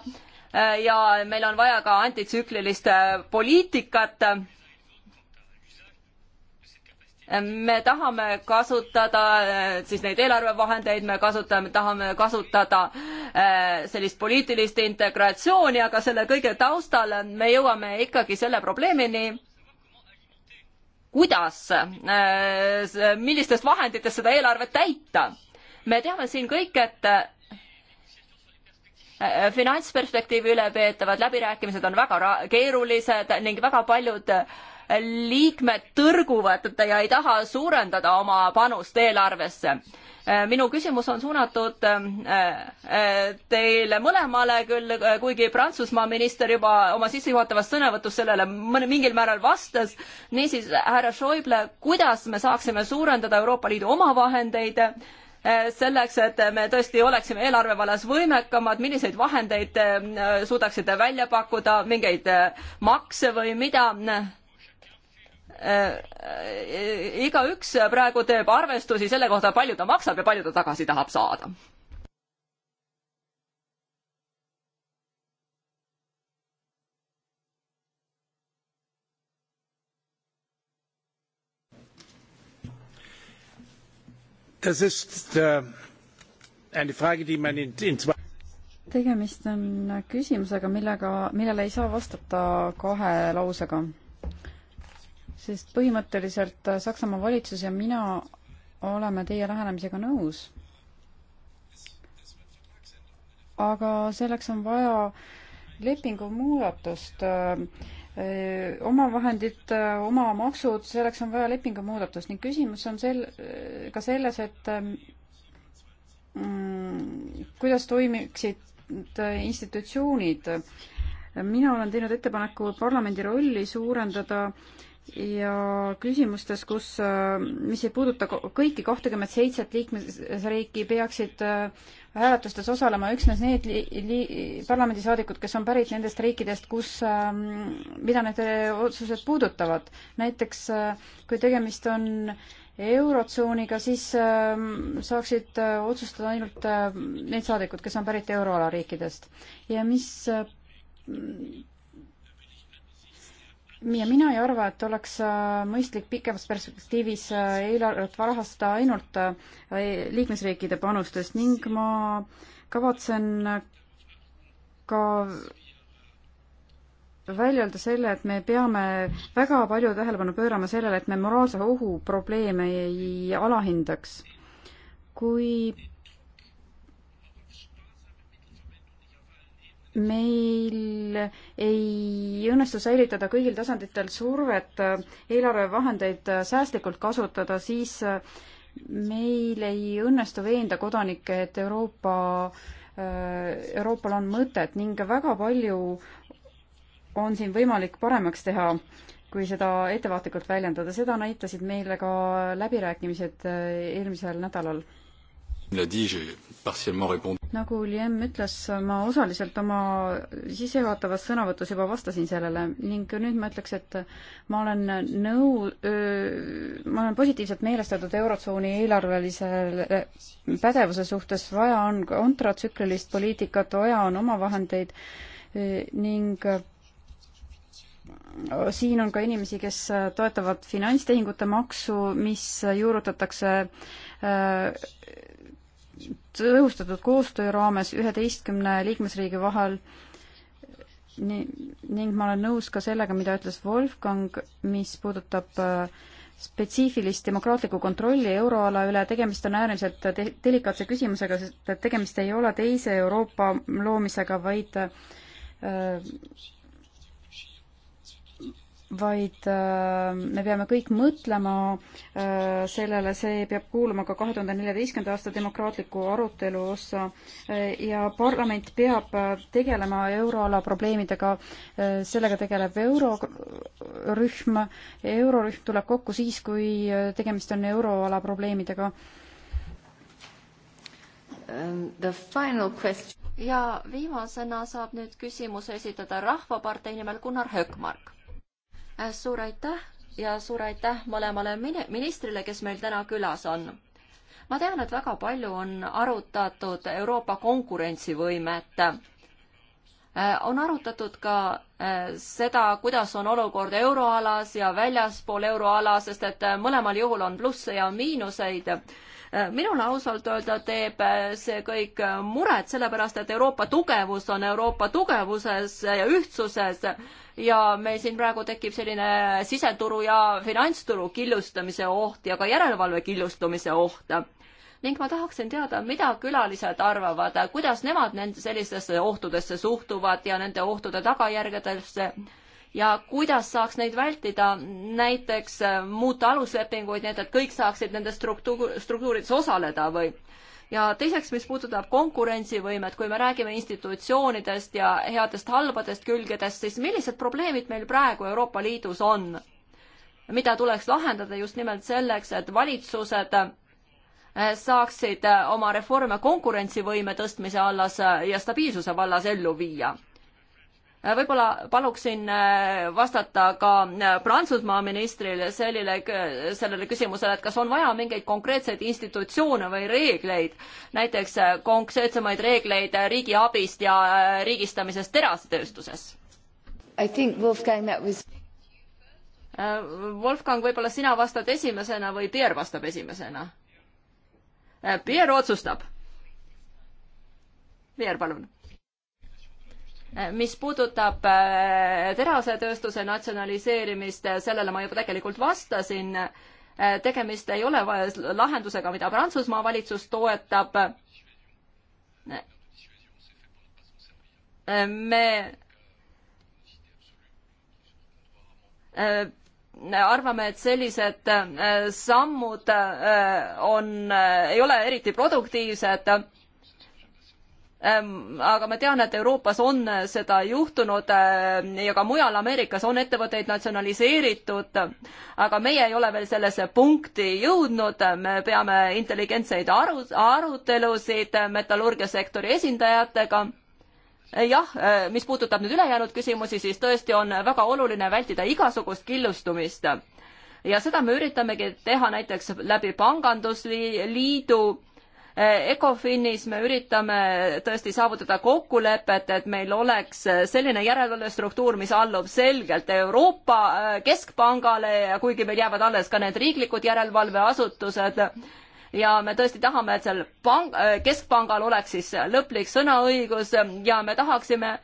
ja meil on vaja ka antitsüklilist poliitikat me tahame kasutada eh, siis neid eelarvevahendeid, me kasutame, tahame kasutada eh, sellist poliitilist integratsiooni, aga selle kõige taustal me jõuame ikkagi selle probleemini, kuidas, eh, millistest vahenditest seda eelarvet täita. me teame siin kõik, et finantsperspektiivi üle peetavad läbirääkimised on väga keerulised ning väga paljud äh, liikmed tõrguvad ja ei taha suurendada oma panust eelarvesse. Äh, minu küsimus on suunatud äh, äh, teile mõlemale küll, kuigi Prantsusmaa minister juba oma sissejuhatavas sõnavõtus sellele mõne, mingil määral vastas. niisiis, härra Schäuble, kuidas me saaksime suurendada Euroopa Liidu omavahendeid selleks, et me tõesti oleksime eelarve vallas võimekamad, milliseid vahendeid suudaksite välja pakkuda, mingeid makse või mida Äh, äh, igaüks praegu teeb arvestusi selle kohta, palju ta maksab ja palju ta tagasi tahab saada.
Das ist äh, eine Frage, die man in, in zwei tegemist on küsimusega, millega, millele ei saa vastata kahe lausega sest põhimõtteliselt äh, Saksamaa valitsus ja mina oleme teie lähenemisega nõus. aga selleks on vaja lepingu muudatust, äh, omavahendid, äh, oma maksud, selleks on vaja lepingu muudatust ning küsimus on sel-, ka selles, et mm, kuidas toimiksid institutsioonid. mina olen teinud ettepaneku parlamendi rolli suurendada äh, ja küsimustes, kus, äh, mis ei puuduta kõiki kahtekümmet seitset liikmesriiki, peaksid äh, hääletustes osalema üksnes need li-, li-, parlamendisaadikud, kes on pärit nendest riikidest, kus, ähm, mida need äh, otsused puudutavad. näiteks kui tegemist on eurotsooniga, siis ähm, saaksid otsustada ainult need saadikud, kes on pärit euroala riikidest. ja mis ja mina ei arva, et oleks äh, mõistlik pikemas perspektiivis äh, eelarvet rahastada ainult äh, e-, liikmesriikide panustest ning ma kavatsen ka välja öelda selle, et me peame väga palju tähelepanu pöörama sellele, et me moraalse ohu probleeme ei alahindaks. kui meil ei õnnestu säilitada kõigil tasanditel survet äh, eelarvevahendeid äh, säästlikult kasutada, siis äh, meil ei õnnestu veenda kodanikke, et Euroopa, Euroopal on mõtet ning väga palju on siin võimalik paremaks teha, kui seda ettevaatlikult väljendada. seda näitasid meile ka läbirääkimised eelmisel nädalal nagu Liem ütles, ma osaliselt oma sissejuhatavas sõnavõtus juba vastasin sellele ning nüüd ma ütleks, et ma olen nõu-, ma olen positiivselt meelestatud Eurotsooni eelarvelise äh, pädevuse suhtes, vaja on kontratsüklilist poliitikat, vaja on omavahendeid ning siin on ka inimesi, kes toetavad finantstehingute maksu, mis juurutatakse tõhustatud koostöö raames üheteistkümne liikmesriigi vahel nii, ning ma olen nõus ka sellega, mida ütles Wolfgang, mis puudutab äh, spetsiifilist demokraatlikku kontrolli euroala üle, tegemist on äärmiselt te delikaatse küsimusega, sest tegemist ei ole teise Euroopa loomisega, vaid äh, vaid äh, me peame kõik mõtlema äh, sellele, see peab kuuluma ka kahe tuhande neljateistkümnenda aasta demokraatliku arutelu ossa äh, ja parlament peab tegelema euroala probleemidega, sellega tegeleb eurorühm, eurorühm tuleb kokku siis, kui tegemist on euroala probleemidega. The final question
ja viimasena saab nüüd küsimuse esitada Rahvapartei nimel Gunnar Hökmark suur aitäh ja suur aitäh mõlemale ministrile, kes meil täna külas on. ma tean, et väga palju on arutatud Euroopa konkurentsivõimet. Äh, on arutatud ka äh, seda, kuidas on olukord euroalas ja väljaspool euroala, sest et äh, mõlemal juhul on plusse ja miinuseid minule ausalt öelda teeb see kõik muret, sellepärast et Euroopa tugevus on Euroopa tugevuses ja ühtsuses ja meil siin praegu tekib selline siseturu ja finantsturu killustamise oht ja ka järelevalve killustumise oht ning ma tahaksin teada, mida külalised arvavad, kuidas nemad nende sellistesse ohtudesse suhtuvad ja nende ohtude tagajärgedesse ja kuidas saaks neid vältida, näiteks äh, muuta aluslepinguid, nii et, et kõik saaksid nendes struktuur, struktuurides osaleda või ja teiseks, mis puudutab konkurentsivõimet, kui me räägime institutsioonidest ja headest-halbadest külgedest, siis millised probleemid meil praegu Euroopa Liidus on? mida tuleks lahendada just nimelt selleks, et valitsused eh, saaksid eh, oma reforme konkurentsivõime tõstmise vallas eh, ja stabiilsuse vallas ellu viia Äh, võib-olla paluksin äh, vastata ka äh, Prantsusmaa ministrile sellele, sellele küsimusele, et kas on vaja mingeid konkreetseid institutsioone või reegleid, näiteks konkreetsemaid reegleid riigiabist ja riigistamisest terasetööstuses?
I think Wolfgang that was
Wolfgang, võib-olla sina vastad esimesena või Pierre vastab esimesena? Pierre otsustab. Pierre, palun mis puudutab äh, terasetööstuse natsionaliseerimist, sellele ma juba tegelikult vastasin. Äh, tegemist ei ole lahendusega, mida Prantsusmaa valitsus toetab. Äh, me arvame, et sellised sammud on, ei ole eriti produktiivsed Ehm, aga ma tean, et Euroopas on seda juhtunud ehm, ja ka mujal Ameerikas on ettevõtteid natsionaliseeritud, aga meie ei ole veel sellesse punkti jõudnud, me peame intelligentseid aru, arutelusid metallurgiasektori esindajatega jah, ehm, mis puudutab nüüd ülejäänud küsimusi, siis tõesti on väga oluline vältida igasugust killustumist. ja seda me üritamegi teha näiteks läbi pangandusliidu Eh, ECOFINis me üritame tõesti saavutada kokkulepet, et meil oleks eh, selline järelevalvestruktuur, mis allub selgelt Euroopa eh, Keskpangale ja kuigi meil jäävad alles ka need riiklikud järelevalveasutused, ja me tõesti tahame, et seal pang-, keskpangal oleks siis lõplik sõnaõigus ja me tahaksime,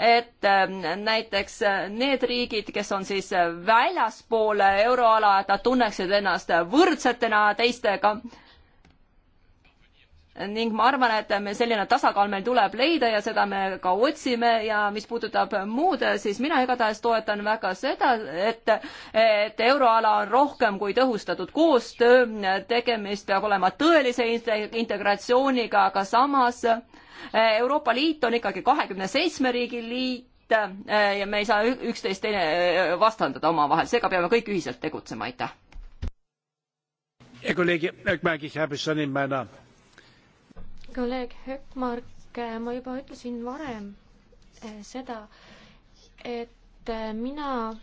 et näiteks need riigid, kes on siis väljaspool euroala, et nad tunneksid ennast võrdsetena teistega ning ma arvan, et me selline tasakaal meil tuleb leida ja seda me ka otsime ja mis puudutab muud, siis mina igatahes toetan väga seda, et et euroala on rohkem kui tõhustatud koostöö, tegemist peab olema tõelise integratsiooniga, aga samas eh, Euroopa Liit on ikkagi kahekümne seitsme riigi liit eh, ja me ei saa üksteist teine eh, vastandada omavahel, seega peame kõik ühiselt tegutsema, aitäh.
Herr Kollege Ökberg, ich habe schon in meiner
kolleeg Hökmark, äh, ma juba ütlesin varem äh, seda, et äh, mina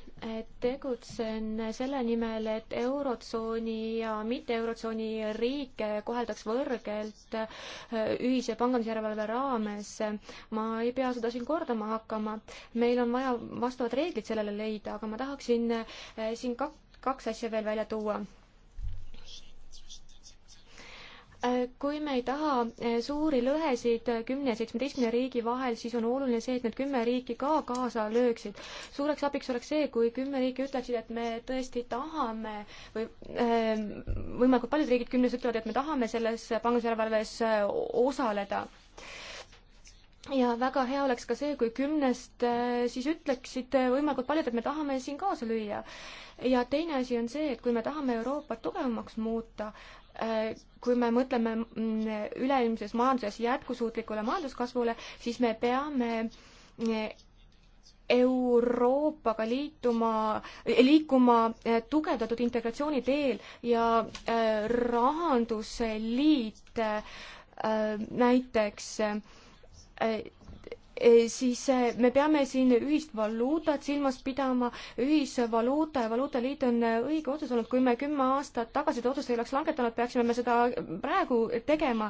tegutsen selle nimel, et Eurotsooni ja mitte Eurotsooni riike koheldaks võrgelt ühise pangandusjärelevalve raames. ma ei pea seda siin kordama hakkama, meil on vaja vastavad reeglid sellele leida, aga ma tahaksin siin kak-, kaks asja veel välja tuua. Äh, kui me ei taha äh, suuri lõhesid äh, kümne ja seitsmeteistkümne riigi vahel, siis on oluline see, et need kümme riiki ka kaasa lööksid. suureks abiks oleks see, kui kümme riiki ütleksid, et me tõesti tahame või võimalikult paljud riigid kümnes ütlevad, et me tahame selles pangandusjärelevalves osaleda ja väga hea oleks ka see, kui kümnest siis ütleksid võimalikult paljud, et me tahame siin kaasa lüüa. ja teine asi on see, et kui me tahame Euroopat tugevamaks muuta, kui me mõtleme mm, üleilmses majanduses jätkusuutlikule majanduskasvule, siis me peame eh, Euroopaga liituma, eh, liikuma eh, tugevdatud integratsiooni teel ja rahandusliit näiteks E, siis e, me peame siin ühist valuutat silmas pidama, ühisvaluuta ja valuutaliit on e, õige otsus olnud, kui me kümme aastat tagasi seda otsust ei oleks langetanud, peaksime me seda praegu tegema,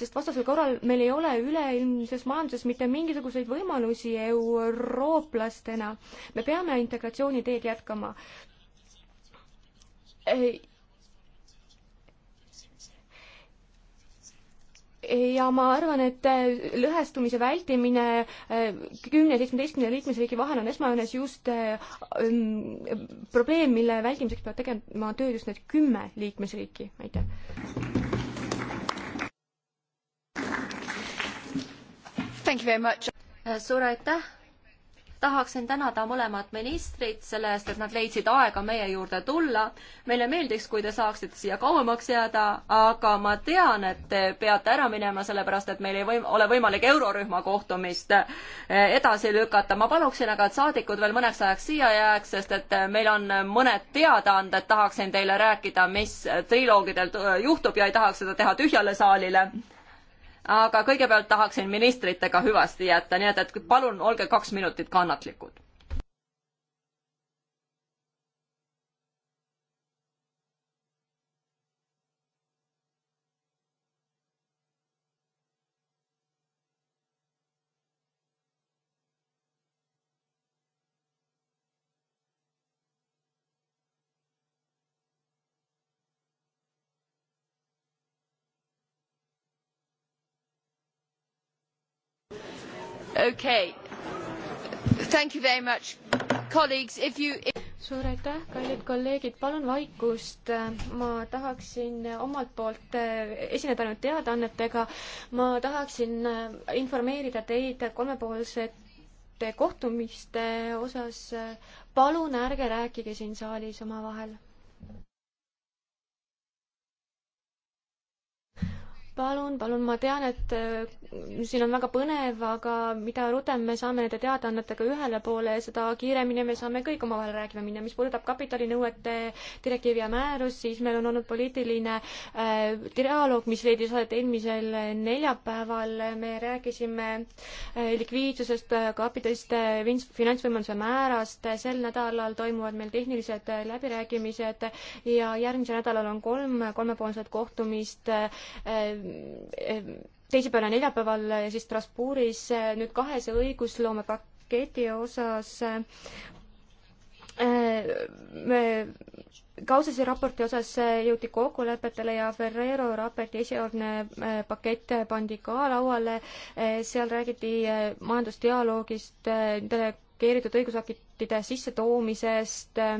sest vastasel korral meil ei ole üleilmses majanduses mitte mingisuguseid võimalusi eurooplastena. me peame integratsiooni teed jätkama ja ma arvan, et äh, lõhestumise vältimine äh, kümne ja seitsmeteistkümne liikmesriigi vahel on esmajoones just äh, ähm, probleem, mille vältimiseks peavad tegema tööd just need kümme liikmesriiki, aitäh.
suur aitäh tahaksin tänada mõlemat ministrit selle eest, et nad leidsid aega meie juurde tulla. meile meeldiks, kui te saaksite siia kauemaks jääda, aga ma tean, et te peate ära minema, sellepärast et meil ei või, ole võimalik eurorühma kohtumist eh, edasi lükata. ma paluksin aga, et saadikud veel mõneks ajaks siia jääks, sest et eh, meil on mõned teadaanded, tahaksin teile rääkida, mis triloogidel eh, juhtub ja ei tahaks seda teha tühjale saalile aga kõigepealt tahaksin ministritega hüvasti jätta, nii et, et palun olge kaks minutit kannatlikud. Okay. Thank you very much. Colleagues, if you... suur aitäh, kallid
kolleegid, palun vaikust. ma tahaksin omalt poolt eh, esineda ainult teadaannetega. ma tahaksin eh, informeerida teid kolmepoolsete kohtumiste osas. palun ärge rääkige siin saalis omavahel palun, palun, ma tean, et äh, siin on väga põnev, aga mida rutem me saame nende teadaannetega ühele poole, seda kiiremini me saame kõik omavahel rääkima minna. mis puudutab kapitalinõuete direktiivi ja määrust, siis meil on olnud poliitiline äh, dialoog, mis leidis aset eelmisel neljapäeval. me rääkisime äh, likviidsusest, äh, kapitalist, finantsvõimaluse määrast. sel nädalal toimuvad meil tehnilised äh, läbirääkimised ja järgmisel nädalal on kolm kolmepoolset kohtumist äh, Ehm, teisipäeval ja neljapäeval siis Strasbourgis eh, nüüd kahese õigusloomepaketi osas eh, me Kausese raporti osas eh, jõuti kokkulepetele ja Ferrero raporti esialgne pakett pandi ka lauale, seal räägiti majandusdialoogist, tele-, delegeeritud õigusaktide sissetoomisest, äh,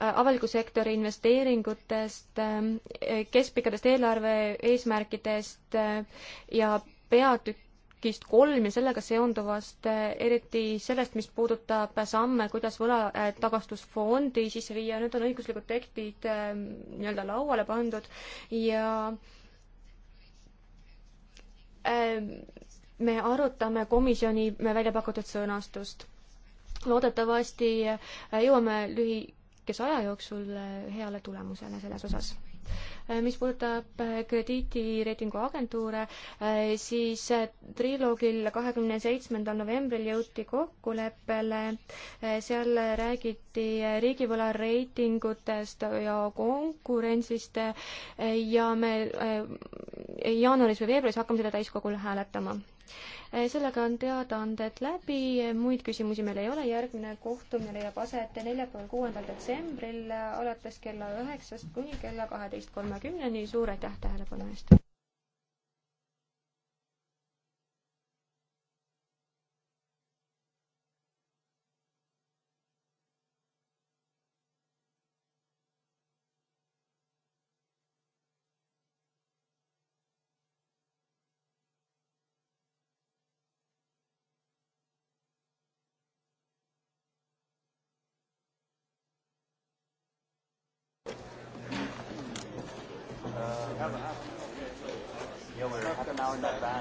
avaliku sektori investeeringutest, äh, keskpikkadest eelarve eesmärkidest äh, ja peatükist kolm ja sellega seonduvast, eriti sellest, mis puudutab samme, kuidas võlatagastusfondi sisse viia, need on õiguslikud tekstid nii-öelda lauale pandud ja me arutame komisjoni välja pakutud sõnastust loodetavasti äh, jõuame lühikese aja jooksul äh, heale tulemusele selles osas äh, mis puudutab krediidireitingu agentuure, siis triloogil kahekümne seitsmendal novembril jõuti kokkuleppele, seal räägiti riigivõla reitingutest ja konkurentsist ja me jaanuaris või veebruaris hakkame seda täiskogul hääletama Eh, sellega on teadaanded läbi, muid küsimusi meil ei ole, järgmine kohtumine leiab aset neljapäeval, kuuendal detsembril alates kella üheksast kuni kella kaheteist kolmekümneni, suur aitäh tähelepanu eest!
Yeah,
we're half an hour in that van.